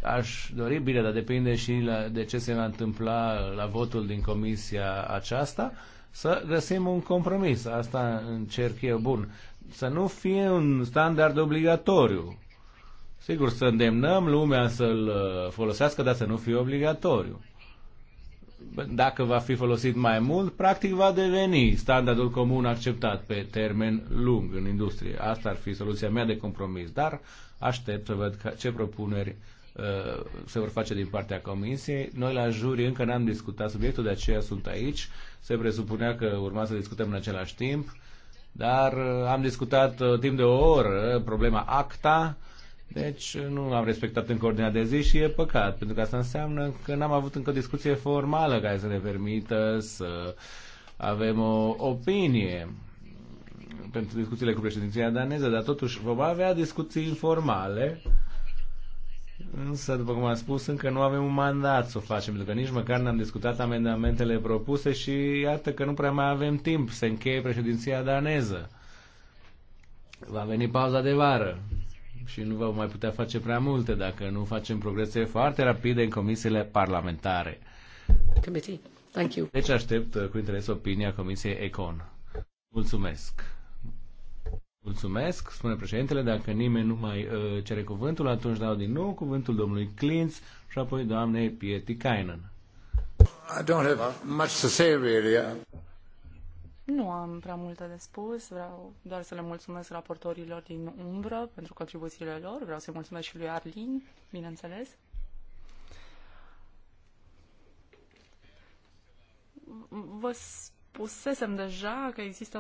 Speaker 1: Aș dori, bine, dar depinde și la, de ce se va întâmpla la votul din comisia aceasta, să găsim un compromis. Asta încerc eu, bun. Să nu fie un standard obligatoriu. Sigur, să îndemnăm lumea să-l uh, folosească, dar să nu fie obligatoriu. Dacă va fi folosit mai mult, practic va deveni standardul comun acceptat pe termen lung în industrie. Asta ar fi soluția mea de compromis, dar aștept să văd ce propuneri Uh, se vor face din partea Comisiei. Noi la juri încă n-am discutat subiectul, de aceea sunt aici. Se presupunea că urma să discutăm în același timp, dar uh, am discutat uh, timp de o oră problema ACTA, deci nu am respectat încă ordinea de zi și e păcat, pentru că asta înseamnă că n-am avut încă o discuție formală care să ne permită să avem o opinie pentru discuțiile cu președinția daneză, dar totuși vom avea discuții informale Însă, după cum am spus, încă nu avem un mandat să o facem, pentru că nici măcar n-am discutat amendamentele propuse și iată că nu prea mai avem timp. Se încheie președinția daneză. Va veni pauza de vară și nu vom mai putea face prea multe dacă nu facem progrese foarte rapide în comisiile parlamentare. Thank you. Deci aștept uh, cu interes opinia Comisiei Econ. Mulțumesc. Mulțumesc, spune președintele. Dacă nimeni nu mai uh, cere cuvântul, atunci dau din nou cuvântul domnului Clintz și apoi doamnei Pieti Kainan. I don't have much to say, really. Nu
Speaker 2: am prea multe de spus, vreau doar să le mulțumesc raportorilor din umbră pentru contribuțiile lor, vreau să-i mulțumesc și lui Arlin, bineînțeles. Vă spusesem deja că există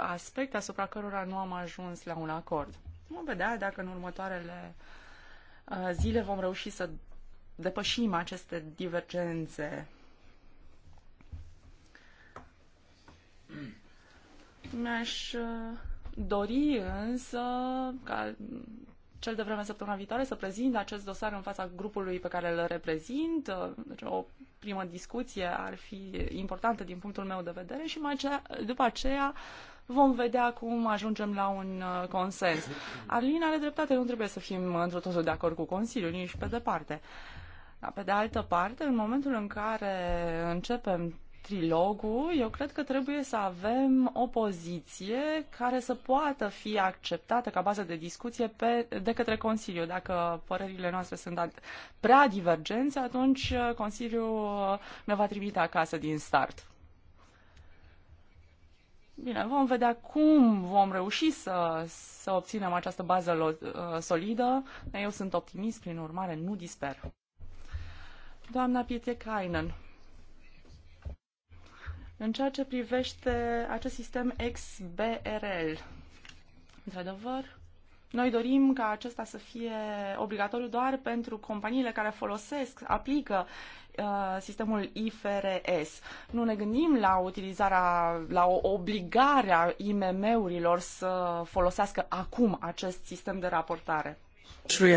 Speaker 2: aspecte asupra cărora nu am ajuns la un acord. Vom vedea dacă în următoarele uh, zile vom reuși să depășim aceste divergențe. Mi-aș uh, dori însă ca cel de vreme săptămâna viitoare să prezint acest dosar în fața grupului pe care îl reprezint, uh, deci o primă discuție ar fi importantă din punctul meu de vedere și mai cea, după aceea vom vedea cum ajungem la un uh, consens. Arlina are dreptate, nu trebuie să fim într totul de acord cu Consiliul, nici pe departe. Dar pe de altă parte, în momentul în care începem trilogul, eu cred că trebuie să avem o poziție care să poată fi acceptată ca bază de discuție pe, de către Consiliu. Dacă părerile noastre sunt prea divergențe, atunci uh, Consiliul uh, ne va trimite acasă din start. Bine, vom vedea cum vom reuși să, să obținem această bază lo, uh, solidă. Eu sunt optimist, prin urmare nu disper. Doamna Pietie Kainen. În ceea ce privește acest sistem XBRL, într-adevăr, noi dorim ca acesta să fie obligatoriu doar pentru companiile care folosesc, aplică uh, sistemul IFRS. Nu ne gândim la utilizarea, la obligarea IMM-urilor să folosească acum acest sistem de raportare.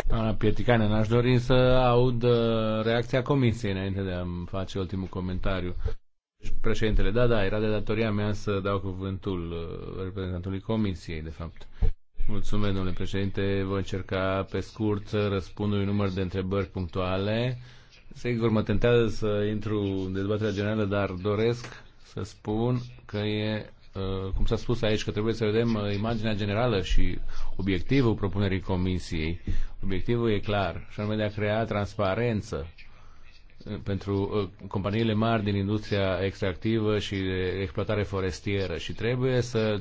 Speaker 1: Doamna Pieticane, n-aș dori să aud uh, reacția comisiei înainte de a-mi face ultimul comentariu. Președintele, da, da, era de datoria mea să dau cuvântul uh, reprezentantului Comisiei, de fapt. Mulțumesc, domnule președinte. Voi încerca pe scurt să răspund unui număr de întrebări punctuale. Sigur, mă tentează să intru în dezbaterea generală, dar doresc să spun că e, uh, cum s-a spus aici, că trebuie să vedem uh, imaginea generală și obiectivul propunerii comisiei. Obiectivul e clar, și anume de a crea transparență pentru uh, companiile mari din industria extractivă și de exploatare forestieră și trebuie să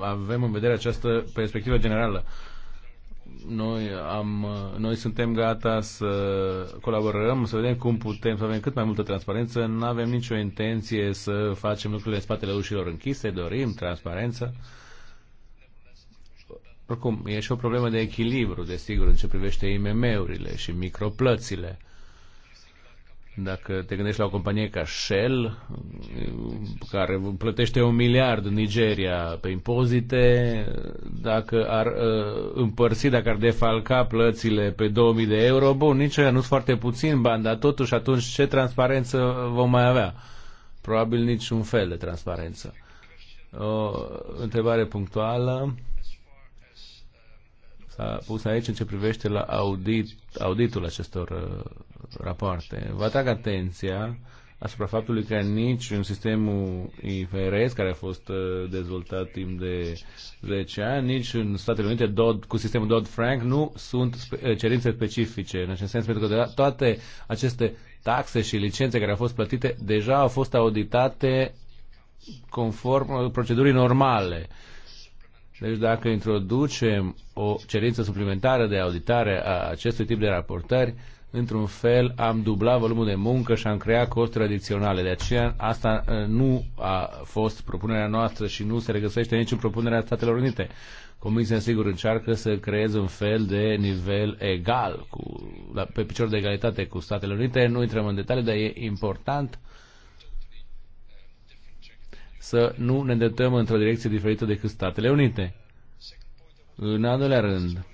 Speaker 1: avem în vedere această perspectivă generală. Noi, am, uh, noi suntem gata să colaborăm, să vedem cum putem, să avem cât mai multă transparență. Nu avem nicio intenție să facem lucrurile în spatele ușilor închise, dorim transparență. Oricum, e și o problemă de echilibru, desigur, în ce privește IMM-urile și microplățile dacă te gândești la o companie ca Shell, care plătește un miliard în Nigeria pe impozite, dacă ar uh, împărți, dacă ar defalca plățile pe 2000 de euro, bun, nici nu sunt foarte puțin bani, dar totuși atunci ce transparență vom mai avea? Probabil niciun fel de transparență. O întrebare punctuală s-a pus aici în ce privește la audit, auditul acestor uh, rapoarte. Vă atrag atenția asupra faptului că nici în sistemul IFRS, care a fost uh, dezvoltat timp de 10 ani, nici în Statele Unite Dodd, cu sistemul Dodd-Frank nu sunt uh, cerințe specifice în acest sens, pentru că toate aceste taxe și licențe care au fost plătite deja au fost auditate conform procedurii normale deci dacă introducem o cerință suplimentară de auditare a acestui tip de raportări, într-un fel am dublat volumul de muncă și am creat costuri adiționale. De aceea asta ă, nu a fost propunerea noastră și nu se regăsește nici în propunerea Statelor Unite. Comisia, sigur, încearcă să creeze un fel de nivel egal, cu, la, pe picior de egalitate cu Statele Unite. Nu intrăm în detalii, dar e important uh, să nu ne îndreptăm într-o direcție diferită decât Statele Unite. În al doilea rând,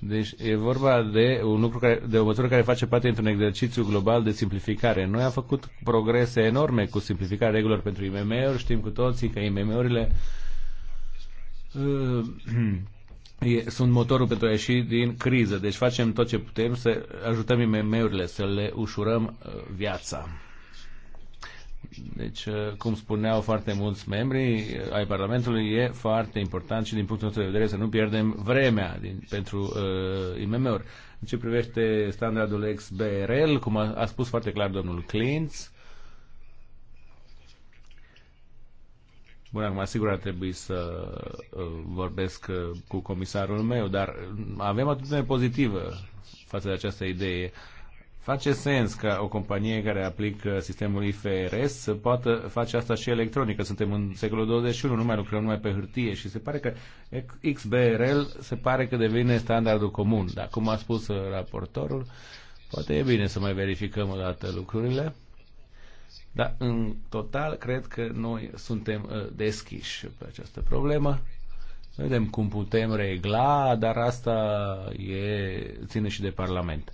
Speaker 1: deci e vorba de, un lucru care, de o măsură care face parte dintr-un exercițiu global de simplificare. Noi am făcut progrese enorme cu simplificarea regulilor pentru IMM-uri. Știm cu toții că IMM-urile uh, e, sunt motorul pentru a ieși din criză. Deci facem tot ce putem să ajutăm IMM-urile, să le ușurăm uh, viața. Deci, uh, cum spuneau foarte mulți membri uh, ai Parlamentului, e foarte important și din punctul nostru de vedere să nu pierdem vremea din, pentru uh, IMM-uri. În ce privește standardul XBRL, cum a, a spus foarte clar domnul Clintz, Bun, acum sigur ar trebui să uh, vorbesc uh, cu comisarul meu, dar uh, avem atitudine pozitivă față de această idee. Uh, Face sens ca o companie care aplică sistemul IFRS să poată face asta și electronică. Suntem în secolul 21, nu mai lucrăm numai pe hârtie și se pare că XBRL se pare că devine standardul comun. Dar cum a spus raportorul, poate e bine să mai verificăm o dată lucrurile. Dar în total cred că noi suntem uh, deschiși pe această problemă. Vedem cum putem regla, dar asta e, ține și de Parlament.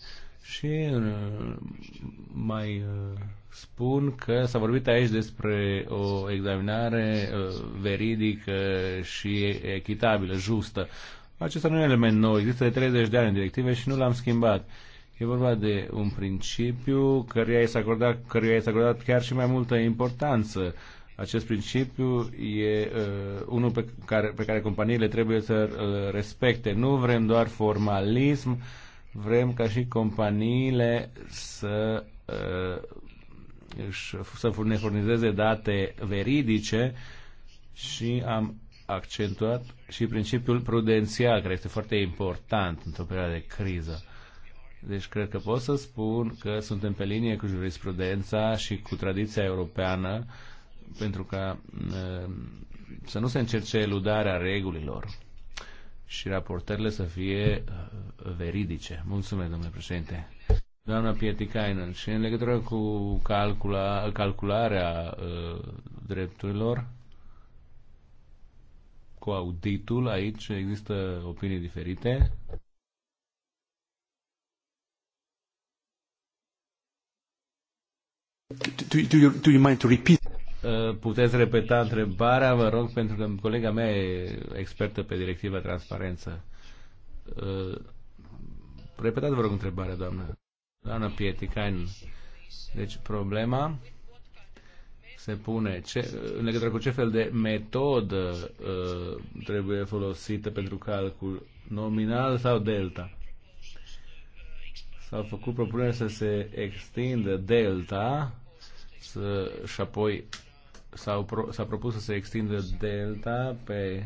Speaker 1: Și uh, mai uh, spun că s-a vorbit aici despre o examinare uh, veridică și echitabilă, justă. Acesta nu e un element nou, există de 30 de ani în directive și nu l-am schimbat. E vorba de un principiu căruia i s-a acordat, acordat chiar și mai multă importanță. Acest principiu e uh, unul pe care, pe care companiile trebuie să l respecte. Nu vrem doar formalism, uh, Vrem ca și companiile să uh, să ne furnizeze date veridice și am accentuat și principiul prudențial, care este foarte important într-o perioadă de criză. Deci cred că pot să spun că suntem pe linie cu jurisprudența și cu tradiția europeană pentru ca uh, să nu se încerce eludarea regulilor și raportările să fie uh, veridice. Mulțumesc, domnule președinte. Doamna Pietikainen, și în legătură cu calcula, calcularea uh, drepturilor, cu auditul, aici există opinii diferite. Do, do, you, do you mind to repeat? Uh, puteți repeta întrebarea, vă rog, pentru că colega mea e expertă pe directiva transparență. Uh, Repetați, vă rog, întrebarea, doamnă. Doamna Pieticain, deci problema se pune ce, în legătură cu ce fel de metodă uh, trebuie folosită pentru calcul nominal sau delta. S-au făcut propuneri să se extindă delta să, și apoi s-a propus să se extindă delta pe